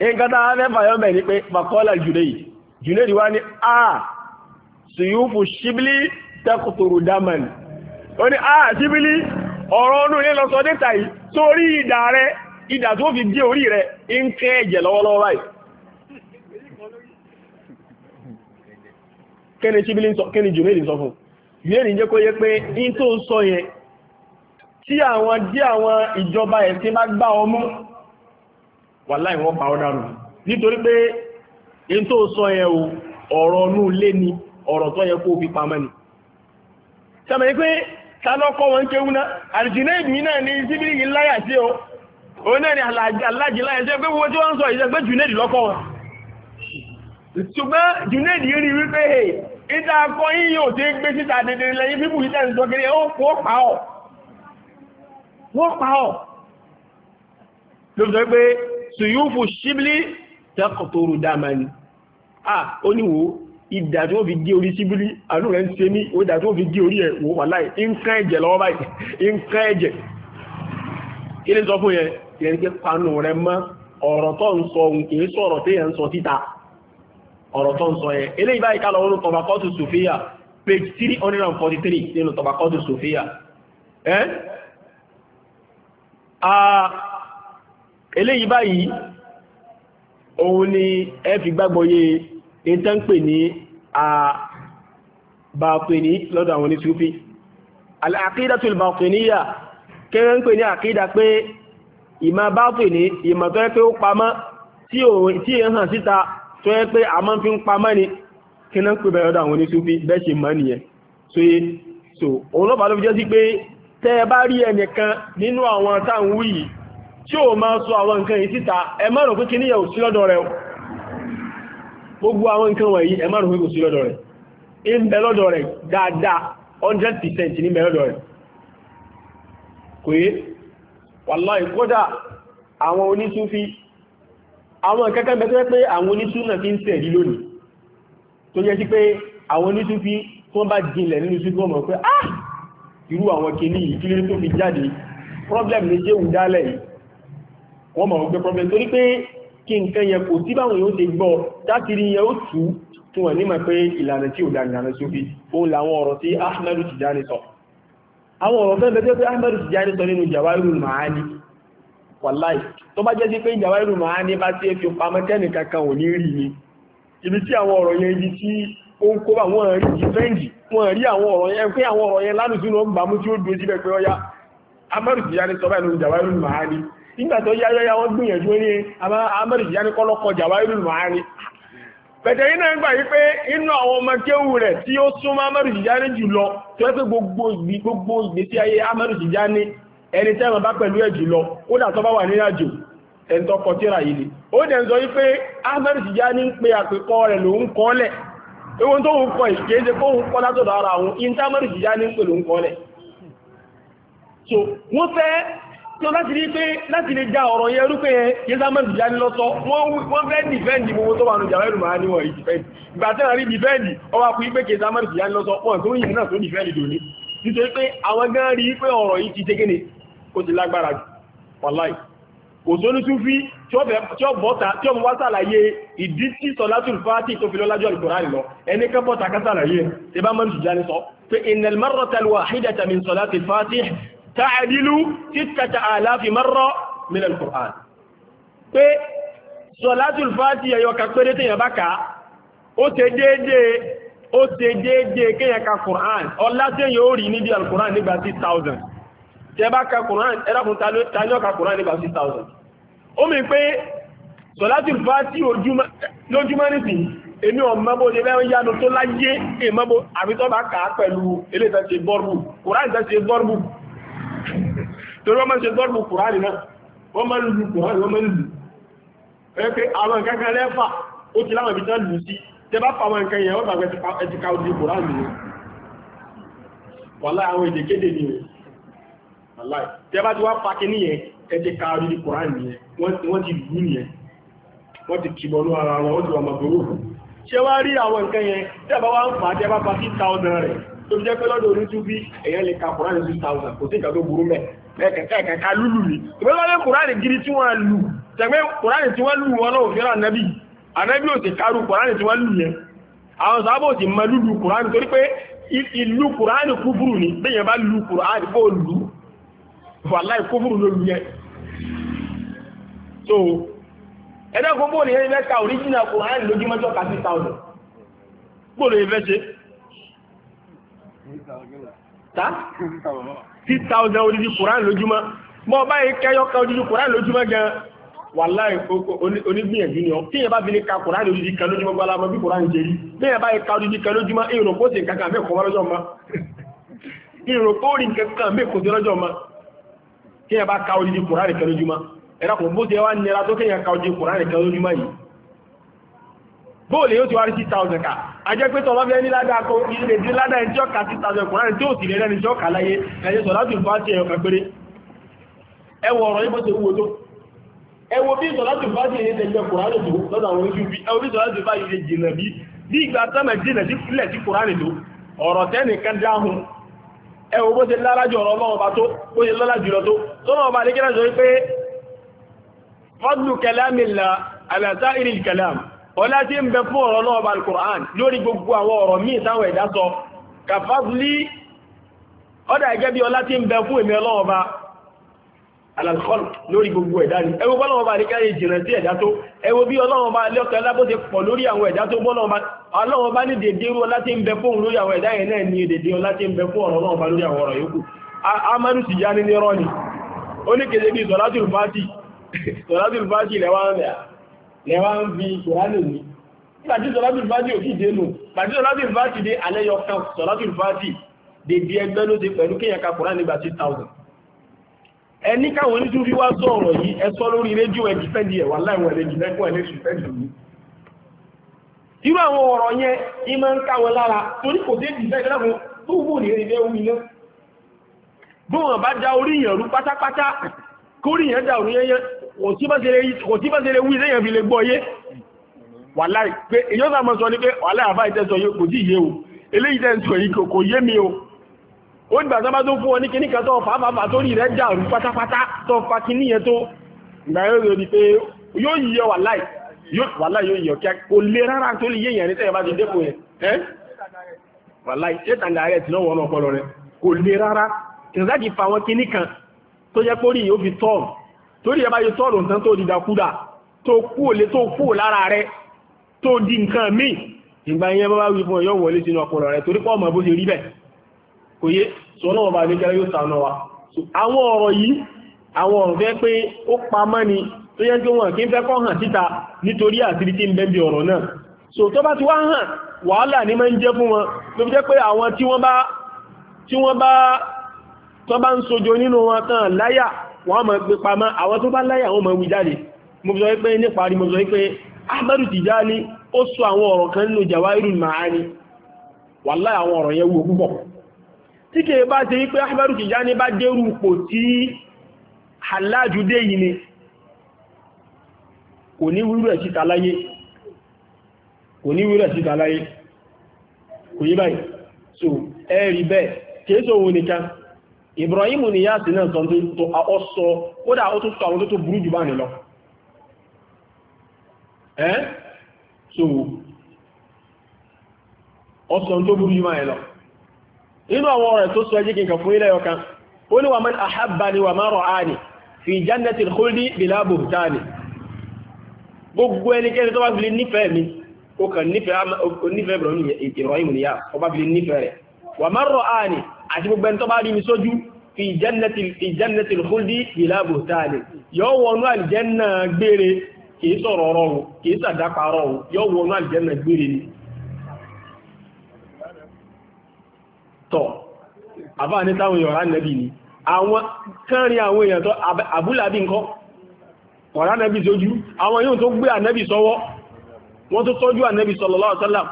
nǹkan tá a fẹ́ fàyọ́ bẹ̀ ni pé bàkọ́lá jùlẹ̀ yìí wá ní a sùyúfù ṣíbílì tẹ́kùtùrù dámàn ó ní a ṣíbílì ọ̀rọ̀ ọdún ilé lọ́sọ dẹ́ta yìí sórí ìdà rẹ ìdà tó fi dé orí rẹ ń kẹ́ ẹ̀jẹ̀ lọ́wọ́lọ́wọ́ báyìí ni ṣíbílì kí ni jùlẹ̀ yìí sọ fún jùlẹ̀ yìí jẹ́ kó yẹ pé in wàláì wọ́n pa ọ́ dànù nítorí pé èyí tó sọ yẹn o ọ̀rọ̀ ọ̀nù lé ni ọ̀rọ̀ tó yẹ kó fi pamọ́ ni sẹ́mẹ̀ pé tánọ́kọ́ wọn kéwú náà àrìjìnà ìdìmí náà ní síbírí láyà sí o òun náà ni aláàjì láyà sí pé wọ́n tí wọ́n ń sọ ìṣẹ́ pé jùnéèdì lọ́kọ́ wọn ṣùgbọ́n jùnéèdì rí wípé ìta akọ yìí yóò tí gbé síta dédéré lẹ́yìn fífù yìí tẹ́sí sọkiri ó pé sùyúfù ṣíbílì tẹ́kọ̀tòrò dáàmà ni a ó ní wo ìdà tí wọ́n fi gé orí ṣíbílì àánú rẹ̀ ń ṣe mí ó ìdà tí wọ́n fi gé orí ẹ̀ wò wà láì nǹkan ẹ̀jẹ̀ lọ́wọ́ báyìí nǹkan ẹ̀jẹ̀ kí ni sọ fún yẹn ìyẹn ti panu rẹ mọ́ ọ̀rọ̀ tó ń sọ òun kìí sọ̀rọ̀ tí yẹn ń sọ síta ọ̀rọ̀ tó ń sọ yẹn eléyìí báyìí ká lọ wọnú tọbakọ́tù sofia page three hundred and forty three nínú tọbakọ́tù sofia eléyìí báyìí òun ni ẹ fi gbàgbọ́yé ìtànpè ní àbàpìní lọ́dọ̀ àwọn oníṣúfí al-aqidatul bàpìníyà kẹrẹ ń pè ní àkídà pé ìmọ̀ bàpìní ìmọ̀ tó yẹ pé ó pamọ́ tí è hàn síta tó yẹ pé a máa fi ń pamọ́ ni kí náà ń pè bẹ̀rẹ̀ lọ́dọ̀ àwọn oníṣúfí bẹ́ẹ̀ ṣe mọ́ nìyẹn so òun lọ́pàá ló fi jẹ́ sí pé tẹ́ ẹ bá rí ẹnìkan nínú àwọn táwọn wúyìí tí ó máa sọ àwọn nǹkan yìí síta ẹ má rò pé kí níyàwó sí lọ́dọ̀ rẹ̀ gbogbo àwọn nǹkan wọ̀nyí ẹ má rò pé kò sí lọ́dọ̀ rẹ̀ in bẹ lọ́dọ̀ rẹ̀ dáadáa 100% ní bẹ lọ́dọ̀ rẹ̀ kò yé wàláì kódà àwọn onísúfí fi ń bá jinlẹ̀ nínú súfí wọ́n mọ̀ pé ah irú àwọn kìíní ìkílé tó fi jáde problem ní jẹ́ ìdálẹ̀ yìí wọ́n mọ̀ ògbé problem torí pé kí nǹkan yẹn kò sí báwọn yóò ṣe gbọ́ dákìrí yẹn ó tú tí wọ́n nímọ̀ pé ìlànà tí ò dá ìlànà sófi òun làwọn ọ̀rọ̀ tí Ahmadu Tijani sọ àwọn ọ̀rọ̀ fẹ́ bẹ́tẹ́ pé Ahmadu Tijani sọ nínú Jawahirul Ma'ani wàláì tó bá jẹ́ sí pé Jawahirul Ma'ani bá ti fi pamọ́ tẹ́nì kankan ò ní ni ibi tí àwọn ọ̀rọ̀ yẹn ibi tí ó ń kó bá wọn rí dìfẹ́ǹdì wọn rí àwọn ọ̀rọ̀ yẹn nígbà tó yáyọ́ yá wọ́n gbìyànjú ní amẹ́rì ìyá ní kọ́lọ́kọ́ jà wáyé lùmọ̀ àárín pẹ̀tẹ̀ iná gbà yí pé inú àwọn ọmọ kéwù rẹ̀ tí ó súnmọ́ amẹ́rì ìyá ní jùlọ tó ẹ́ pé gbogbo ìgbésí ayé amẹ́rì ìyá ní ẹni tẹ́ mọ̀ bá pẹ̀lú ẹ̀ jùlọ ó dà tó bá wà nínú àjò ẹni tó kọ tíra yìí ni ó dẹ̀ ń sọ yí pé amẹ́rì ìyá ní ń pe àpèkọ rẹ̀ lòún kọ́lẹ̀ ewu tó ń kọ ìkéde kó ń kọ́ látọ̀dọ̀ ara àwọn intamẹ́rì ìyá ní ń pè lòún kọ́lẹ̀ tó láti rí pé láti lè já ọ̀rọ̀ yẹn rúpé yẹ́sàmọ́sì já ní wọ́n fẹ́ dìfẹ́ndì gbogbo tó wà jàwẹ́rù máa níwọ̀n yìí dìfẹ́ndì ìgbà rí dìfẹ́ndì ọwá kú ipé kẹsàmọ́sì já ní wọ́n tó yìí náà tó tí ó bọ́ta tí ó mú wá sàlàyé ìdí tí sọlátùl fàátì tó fi lọ lájọ́ al ẹni kan bọ́ta ká sàlàyé tẹ bá mọ́ jù já ní sọ pé innal marratal min sọlátùl fàátì ta'adilu sittata alafi marra min al-Qur'an pé solatul fati ẹyọ kan péré téèyàn bá kà ó ṣe déédéé ó ṣe déédéé kéèyàn ka Qur'an ọlá téèyàn ó rí níbi al-Qur'an nígbà 6000 tẹ́ bá ka Qur'an ẹ̀dàkùn tani ó ka Qur'an nígbà 6000 ó mi pé solatul fati lójúmọ́ nísìnyí èmi ọmọ bó ṣe fẹ́ràn tó láyé èmọ́ bó àbítọ́ pẹ̀lú eléyìí tẹ́ ṣe bọ́ọ̀rù Qur'an tẹ́ ṣe bọ́ọ̀rù torí wọ́n máa ń ṣe gbọ́dùn kùránì náà wọ́n máa ń lu kùránì wọ́n máa ń lu ẹ pé àwọn nǹkan kan lẹ́fà ó ti láwọn ibi tán lù sí tẹ bá fàwọn nǹkan yẹn wọ́n gbàgbé ẹti ka ojú kùránì ni wàláì àwọn èdè kéde ni wàláì tẹ bá ti wá pa kíní yẹn ẹti ka ojú kùránì yẹn wọ́n ti lù nìyẹn wọ́n ti kìbọnú ara wọn wọ́n ti wà màgbòrò ṣé wá rí àwọn nǹkan yẹn tẹ bá wá ń fà á tẹ bá pa sí rẹ̀ tó jẹ́ pé lọ́dọ̀ orí tún bí èèyàn lè ka kùránì 2000 kò sí ìgbà burú mẹ́ẹ̀ kẹ̀kẹ̀kẹ̀kẹ̀ lúlù ní ìgbẹ́lọ́lẹ́ kùránì gidi tí wọ́n lù tẹ̀gbẹ́ kùránì tí wọ́n lù wọn náà fẹ́ràn ànábì ò ti kárù kùránì tí wọ́n lù yẹn àwọn sábò ti mọ lúlù kùránì torí pé ìlú kùránì kúfùrù ní bẹ́yẹn bá lù kùránì kó lù kúfùrù yẹn so ẹ̀dá gbogbo ní ẹni mẹ́ta original kùránì lójúmọ́jọ́ tàwọn ìfẹ́ ṣe six thousand odidi Quran lójúmọ́ mọ́ báyìí kẹyọ kan odidi Quran lójúmọ́ gan wàláì onígbìyànjú ni ọ tí yẹn bá fi lè ka Quran odidi kan lójúmọ́ gbọ́dọ̀ àmọ́ bí Quran jẹ́ rí bí ka odidi kan lójúmọ́ ìrò kó sì kankan àmì ìkọ̀wá lọ́jọ́ ma ìrò kó ma ki ka odidi Quran kan lójúmọ́ ka odidi Quran kan bóòlù yóò ti wá rí 6,000 ká ajẹ́ pé tọ́lọ́ fẹ́ ní ládàá kó ilé dé ládàá ẹni tí ó ka 6,000 kùnrin tí ó sì lẹ́rẹ́ ní tí ó kà láyé ẹni sọ̀rọ̀ láti fún àti ẹ̀yọ̀kan péré ẹwọ ọ̀rọ̀ yìí bó ṣe wúwo tó ẹwọ bí sọ̀rọ̀ láti fún àti ẹ̀yẹ tẹ̀lé kùnrin tó lọ́dọ̀ àwọn oníṣu bí ẹwọ bí sọ̀rọ̀ láti fún àyè jìnà bí bí ìgbà sọ́mọ̀ jìnà sí ilẹ̀ sí kùnrin tó ọ̀rọ̀ tẹ́nìkan dáhùn ẹwọ bó ṣe lára ọ̀rọ̀ ọlọ́wọ́ tó bó ṣe lọ́lá jùlọ tó tọ́nà ọba àdékẹ́lá sọ wípé fọ́dún kẹlámìlà àlàsá ìrìn kẹlámù ọlá tí ń bẹ fún ọ̀rọ̀ náà bá alkùnrán lórí gbogbo àwọn ọ̀rọ̀ míì sáwọn ẹ̀dá sọ kàfàzlì ọdá ẹgẹ́ bí ọlá tí ń bẹ fún èmi ọlọ́wọ́ bá lórí gbogbo ẹ̀dá ni ẹwọ bọ́lọ́wọ́ bá níkà jìnà sí ẹ̀dá tó bí ọlọ́wọ́ bá pọ̀ lórí àwọn ẹ̀dá tó bọ́lọ́wọ́ bá ní dèdè irú ọlá tí ń bẹ fún lórí àwọn ẹ̀dá yẹn náà ni dèdè ọlá tí ń amadu sì ní ó ní kèdè lẹ́wà ń bí ìkòránì ní pàtí sọ́lábì fàájì ò kí dé nù pàtí sọ́lábì fàájì dé alẹ́yọ kan sọ́lábì fàájì dé bí ẹgbẹ́ ló ti pẹ̀lú kéèyàn ka kòránì gba 2000 ẹni káwọn oníjú fi wá sọ ọ̀rọ̀ yìí ẹ sọ lórí rédíò ẹ̀ dìfẹ́ndì ẹ̀ wà láìwọ̀n ẹ̀ dìfẹ́ndì ẹ̀ dìfẹ́ndì yìí irú àwọn ọ̀rọ̀ yẹn ìmọ̀ ń káwọn lára torí kò dé dìfẹ́ndì láwọn tó wù ní ilé wù iná bí wọn bá kò tí bá ṣe lè wí lẹ́yìn fi lè gbọ́ yé wàláì pé èyàn sàmọ́ sọ ní pé wàláì àbá ìtẹ́sọ̀ yóò kò tí yé o eléyìí tẹ́sọ̀ yìí kò yé mi o ó dìgbà sábà tó fún ọ ní kíníkà tó fàáfàá tó rí rẹ̀ dàrú pátápátá tó fa kíní yẹn tó ìgbà yóò rí pé yóò yẹ wàláì yóò yẹ kí kò lè rárá tó lè yé yẹn ní tẹ́yẹ bá ti dépò yẹn wàláì ṣétan dàrẹ́ tí lọ́wọ́ náà kọ́ rẹ̀ kò lè rárá kìí fa àwọn kíní tó jẹ́ pórí yóò fi tọ́ọ̀ torí ẹ bá yẹ sọ̀rọ̀ nǹkan tó dìdàkúdà tó kú òlé tó kú lára rẹ tó di nǹkan míì ìgbà yẹn bá wí fún ẹ yọ wọlé sínú ọpọlọ rẹ torí pọ́ ọmọ bó ṣe rí bẹ́ẹ̀ kò yé sọ́nà ọba àdéjọ́ yóò sànà wa àwọn ọ̀rọ̀ yìí àwọn ọ̀rọ̀ fẹ́ pé ó pamọ́ ni tó yẹ kí wọ́n kí ń fẹ́ kọ́ hàn síta nítorí àṣírí tí ń bẹ bí ọ̀rọ̀ náà so tó bá ti wá hàn wàhálà ní máa ń jẹ́ fún wọn tó fi jẹ́ pé àwọn tí wọ́n bá tó bá ń sojo nínú wọn tán láyà wọ́n mọ̀ pé pamọ́ àwọn tó bá láyà wọ́n mọ̀ wí jáde mo sọ pé níparí mo sọ pé Ahmadu Tijani ó sọ àwọn ọ̀rọ̀ kan nínú Jawahirul Ma'ani wàláì àwọn ọ̀rọ̀ yẹn púpọ̀ tí kèé bá ṣe wípé Ahmadu Tijani bá dérú pò tí aláàjú dé yìí ni kò ní wúrú ẹ̀ síta láyé kò ní wúrú ẹ̀ síta láyé kò yí báyìí so ẹ̀rí bẹ́ẹ̀ kèé sọ òun nìkan Ibrahim Niyasi náà sọ tó ọsọ kódà ó tó sọ àwọn tó tó burú jù bá nílọ ẹ́ so ọsọ tó burú jù bá nílọ inú àwọn ọ̀rẹ́ tó sọ ẹjẹ́ kí fún ilẹ̀ ọkan ó ní wà man ahabbani wà man ra'ani fi jannatil bila buhtani gbogbo ẹnikẹ́ni tó bá fi mi ó kàn nífẹ̀ẹ́ Ibrahim Niyasi ọba fi lè nífẹ̀ẹ́ rẹ̀ wà man àti gbogbo ẹni tó bá rí mi sójú fi ìjẹ́nẹ̀tì ìkúldí ìlàbò tààlẹ̀ yóò wọnú àlìjẹ́nà gbére kìí sọ̀rọ̀ ọ̀rọ̀rùn kìí sàdáparọ̀ yóò wọnú àlìjẹ́nà gbére ni tọ̀ àbá ní táwọn yọ̀rá nẹ́bì ni àwọn kẹrin àwọn èèyàn tó àbúlàbí nǹkan ọ̀rá nẹ́bì sójú àwọn yóò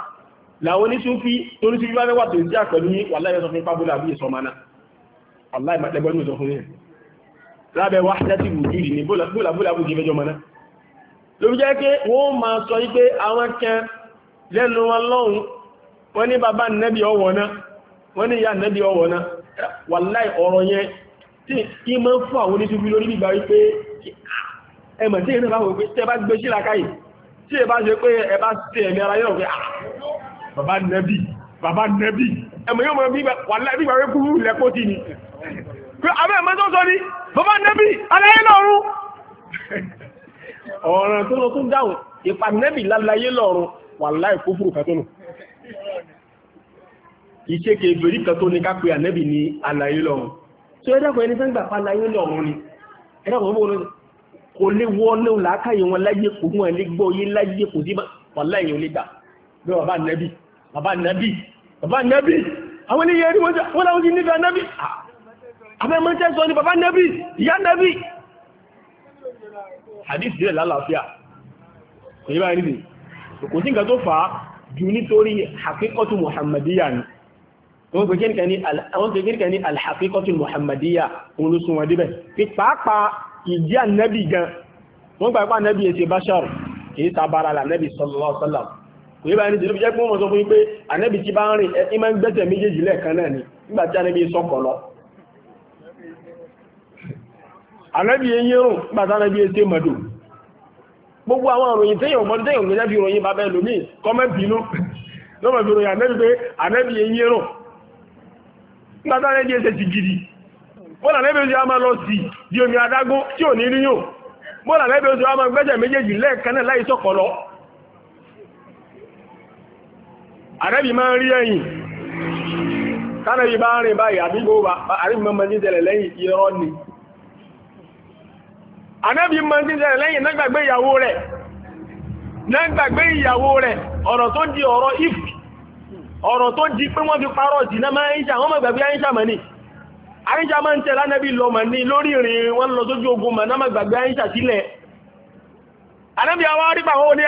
làwọn oníṣúfí torí tí wíwáwẹ́wà tó jí àpẹ̀lú yí wà láyé sọ fún pábúlà bí ìsọmaná aláì màtẹ́gbẹ́ ní ìsọfún yẹn lábẹ́ wá tẹ́tì wùjú ní bólàbólà bùjú fẹjọ mọ́ná ló fi jẹ́ pé wọ́n máa sọ wípé àwọn kan lẹ́nu wọn lọ́hùn wọ́n ní bàbá nẹ́bí ọwọ́ náà wọ́n ní ìyá nẹ́bí ọwọ́ náà wà láì ọ̀rọ̀ yẹn tí kí máa ń fún àwọn oníṣúfí lórí bíbá wípé ẹmọ̀ tí ìrìnà bá wọ́n pé tẹ́ bá gbé sílá káyì tí ẹ bá ṣe pé ẹ bá ṣe ẹ̀mí ara yóò pé ah, bàbá nẹ́bì bàbá nẹ́bì ẹ̀mọ̀ yóò mọ̀ bí wà láì bígbà wé kúrú lẹ́kọ́ tí ni pé abẹ́ ẹ̀mọ́ tó sọ ni bàbá nẹ́bì aláyé lọ́run ọ̀ràn tó lọ tún dáhùn ìpa nẹ́bì láláyé lọ́run wà láì kúfùrù kan tó nù iṣẹ́ kèbèrè kan tó ní ká pe ànẹ́bì ní aláyé lọ́run tó ẹ dàpọ̀ ẹni fẹ́ gbà pa aláyé lọ́run ni ẹ dàpọ̀ kò lè wọ́ lóun làákàyè wọn láyé kò mọ̀ ẹ́ lé gbọ́ yé láyé kò sí wàláyé ò lè gbà bí wàá bá nẹ́bì bàbá nẹ́bì bàbá nẹ́bì àwọn ènìyàn rí wọ́n láwọn sí nífẹ̀ẹ́ nẹ́bì àbẹ́mọ́tẹ́ ah, sọ ní bàbá nẹ́bì ìyá nẹ́bì hadith díẹ̀ lálàáfíà kò yí báyìí nìyí kò sí nǹkan tó fà á jù nítorí hakikọ́tù muhammadiyya ni wọ́n pè kíríkà ní alhakikọ́tù muhammadiyya òun ló súnwọ́n débẹ̀ pé pàápàá ìdí ànẹ́bì gan wọ́n gbà sallallahu alaihi wasallam kò yíba ní ìdílé jẹ́ pé wọ́n sọ fún yín pé ànẹ́bì tí bá ń rìn ẹ máa ń gbẹ́sẹ̀ méjèèjì lẹ́ẹ̀kan náà ni nígbà tí ànẹ́bì lọ ànẹ́bì yẹn nígbà tí ànẹ́bì gbogbo àwọn fi ròyìn bàbá ẹlòmíì lọ́mọ fi ròyìn ànẹ́bì pé lọ sí di omi adágún tí ò ní gbẹ́sẹ̀ méjèèjì lẹ́ẹ̀kan àrẹ́bì máa ń rí ẹ̀yìn tánàbí bá ń rìn báyìí àdúgbò àrẹ́bì máa ń jíjẹ̀lẹ̀ lẹ́yìn irọ́ ni àrẹ́bì máa ń jíjẹ̀lẹ̀ lẹ́yìn nágbàgbé ìyàwó rẹ̀ nágbàgbé ìyàwó rẹ̀ ọ̀rọ̀ tó di ọ̀rọ̀ if ọ̀rọ̀ tó di pé wọ́n fi parọ́ jì náà máa lọ wọn lọ ànábì àwọn arígbà wọn ní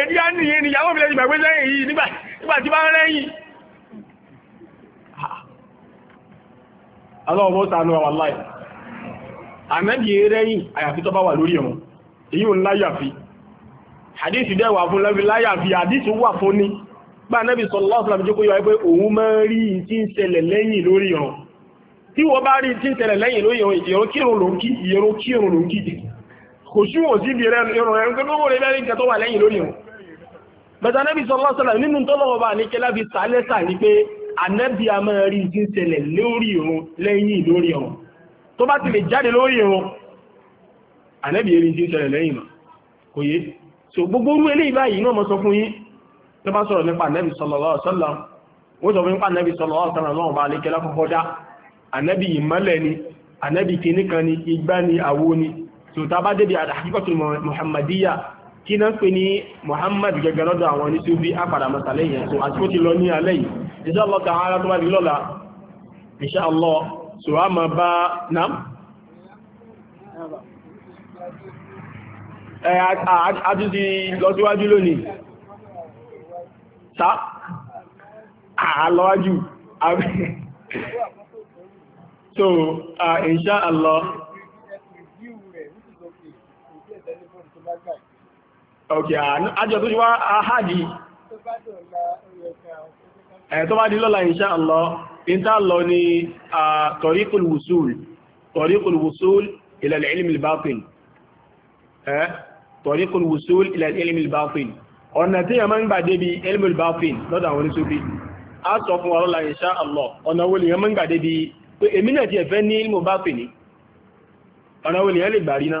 èdí á ní ìyẹn ìyàwó mi lẹ́yìn gbàgbé lẹ́yìn yìí nígbà bá lẹ́yìn aláwọ̀ sànú àwọn aláì ànábì rẹ́yìn àyàfi tó bá wà lórí ẹ̀wọ̀n èyí ń láyàfi hadith dẹ́wà fún lẹ́bi láyàfi hadith wà fún ní gbà ànábì sallallahu kò ṣúwọ̀n sí ibi rẹ̀ ìrùn rẹ̀ ń gbogbo rẹ̀ lẹ́rìn ìkẹtọ́ wà lẹ́yìn lórí wọn bẹ̀tà nẹ́bí sọ́lọ́sọ́lá nínú tọ́lọ́wọ́bà ní kẹlá fi sàálẹ́sà ní pé ànẹ́bí a máa rí ìdí ìṣẹ̀lẹ̀ lórí ìrùn lẹ́yìn lórí ọ̀run tó bá ti lè jáde lórí ìrùn ànẹ́bí rí ìdí ìṣẹ̀lẹ̀ lẹ́yìn mà kò yé so gbogbo orú eléyìí báyìí náà mo sọ fún yín ló bá sọ̀rọ̀ nípa ànẹ́bí sọ́lọ́sọ́lá so ta bá débi àdàkíkọ̀tù muhammadiyya kí náà pè ní muhammad gẹ́gẹ́ lọ́dọ̀ àwọn ní sufi apàdà masalẹ̀ yẹn so àti ó ti lọ ní alẹ́ yìí insha Allah ta'ala tó bá di lọ́la insha Allah so a máa bá nam àtúntí lọ síwájú lónìí sá àlọ́wájú so insha Allah ọ̀kẹ́ àjọ tó wá àhádìí ẹ̀ tó bá di lọ́la insha Allah ìntà lọ ni tariqul wusul tariqul wusul ila al-ilm al-batin tariqul wusul ila al-ilm al-batin ọ̀nà tí yẹn máa ń gbà débi ilm al-batin lọ́dà àwọn oníṣòfin a sọ fún wa lọ́la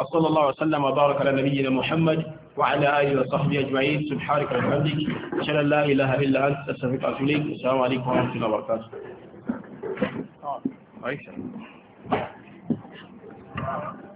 وصلى الله وسلم وبارك على نبينا محمد وعلى آله وصحبه أجمعين سبحانك وبحمدك أشهد أن لا إله إلا أنت أستغفرك وأتوب إليك السلام عليكم ورحمة الله وبركاته آه.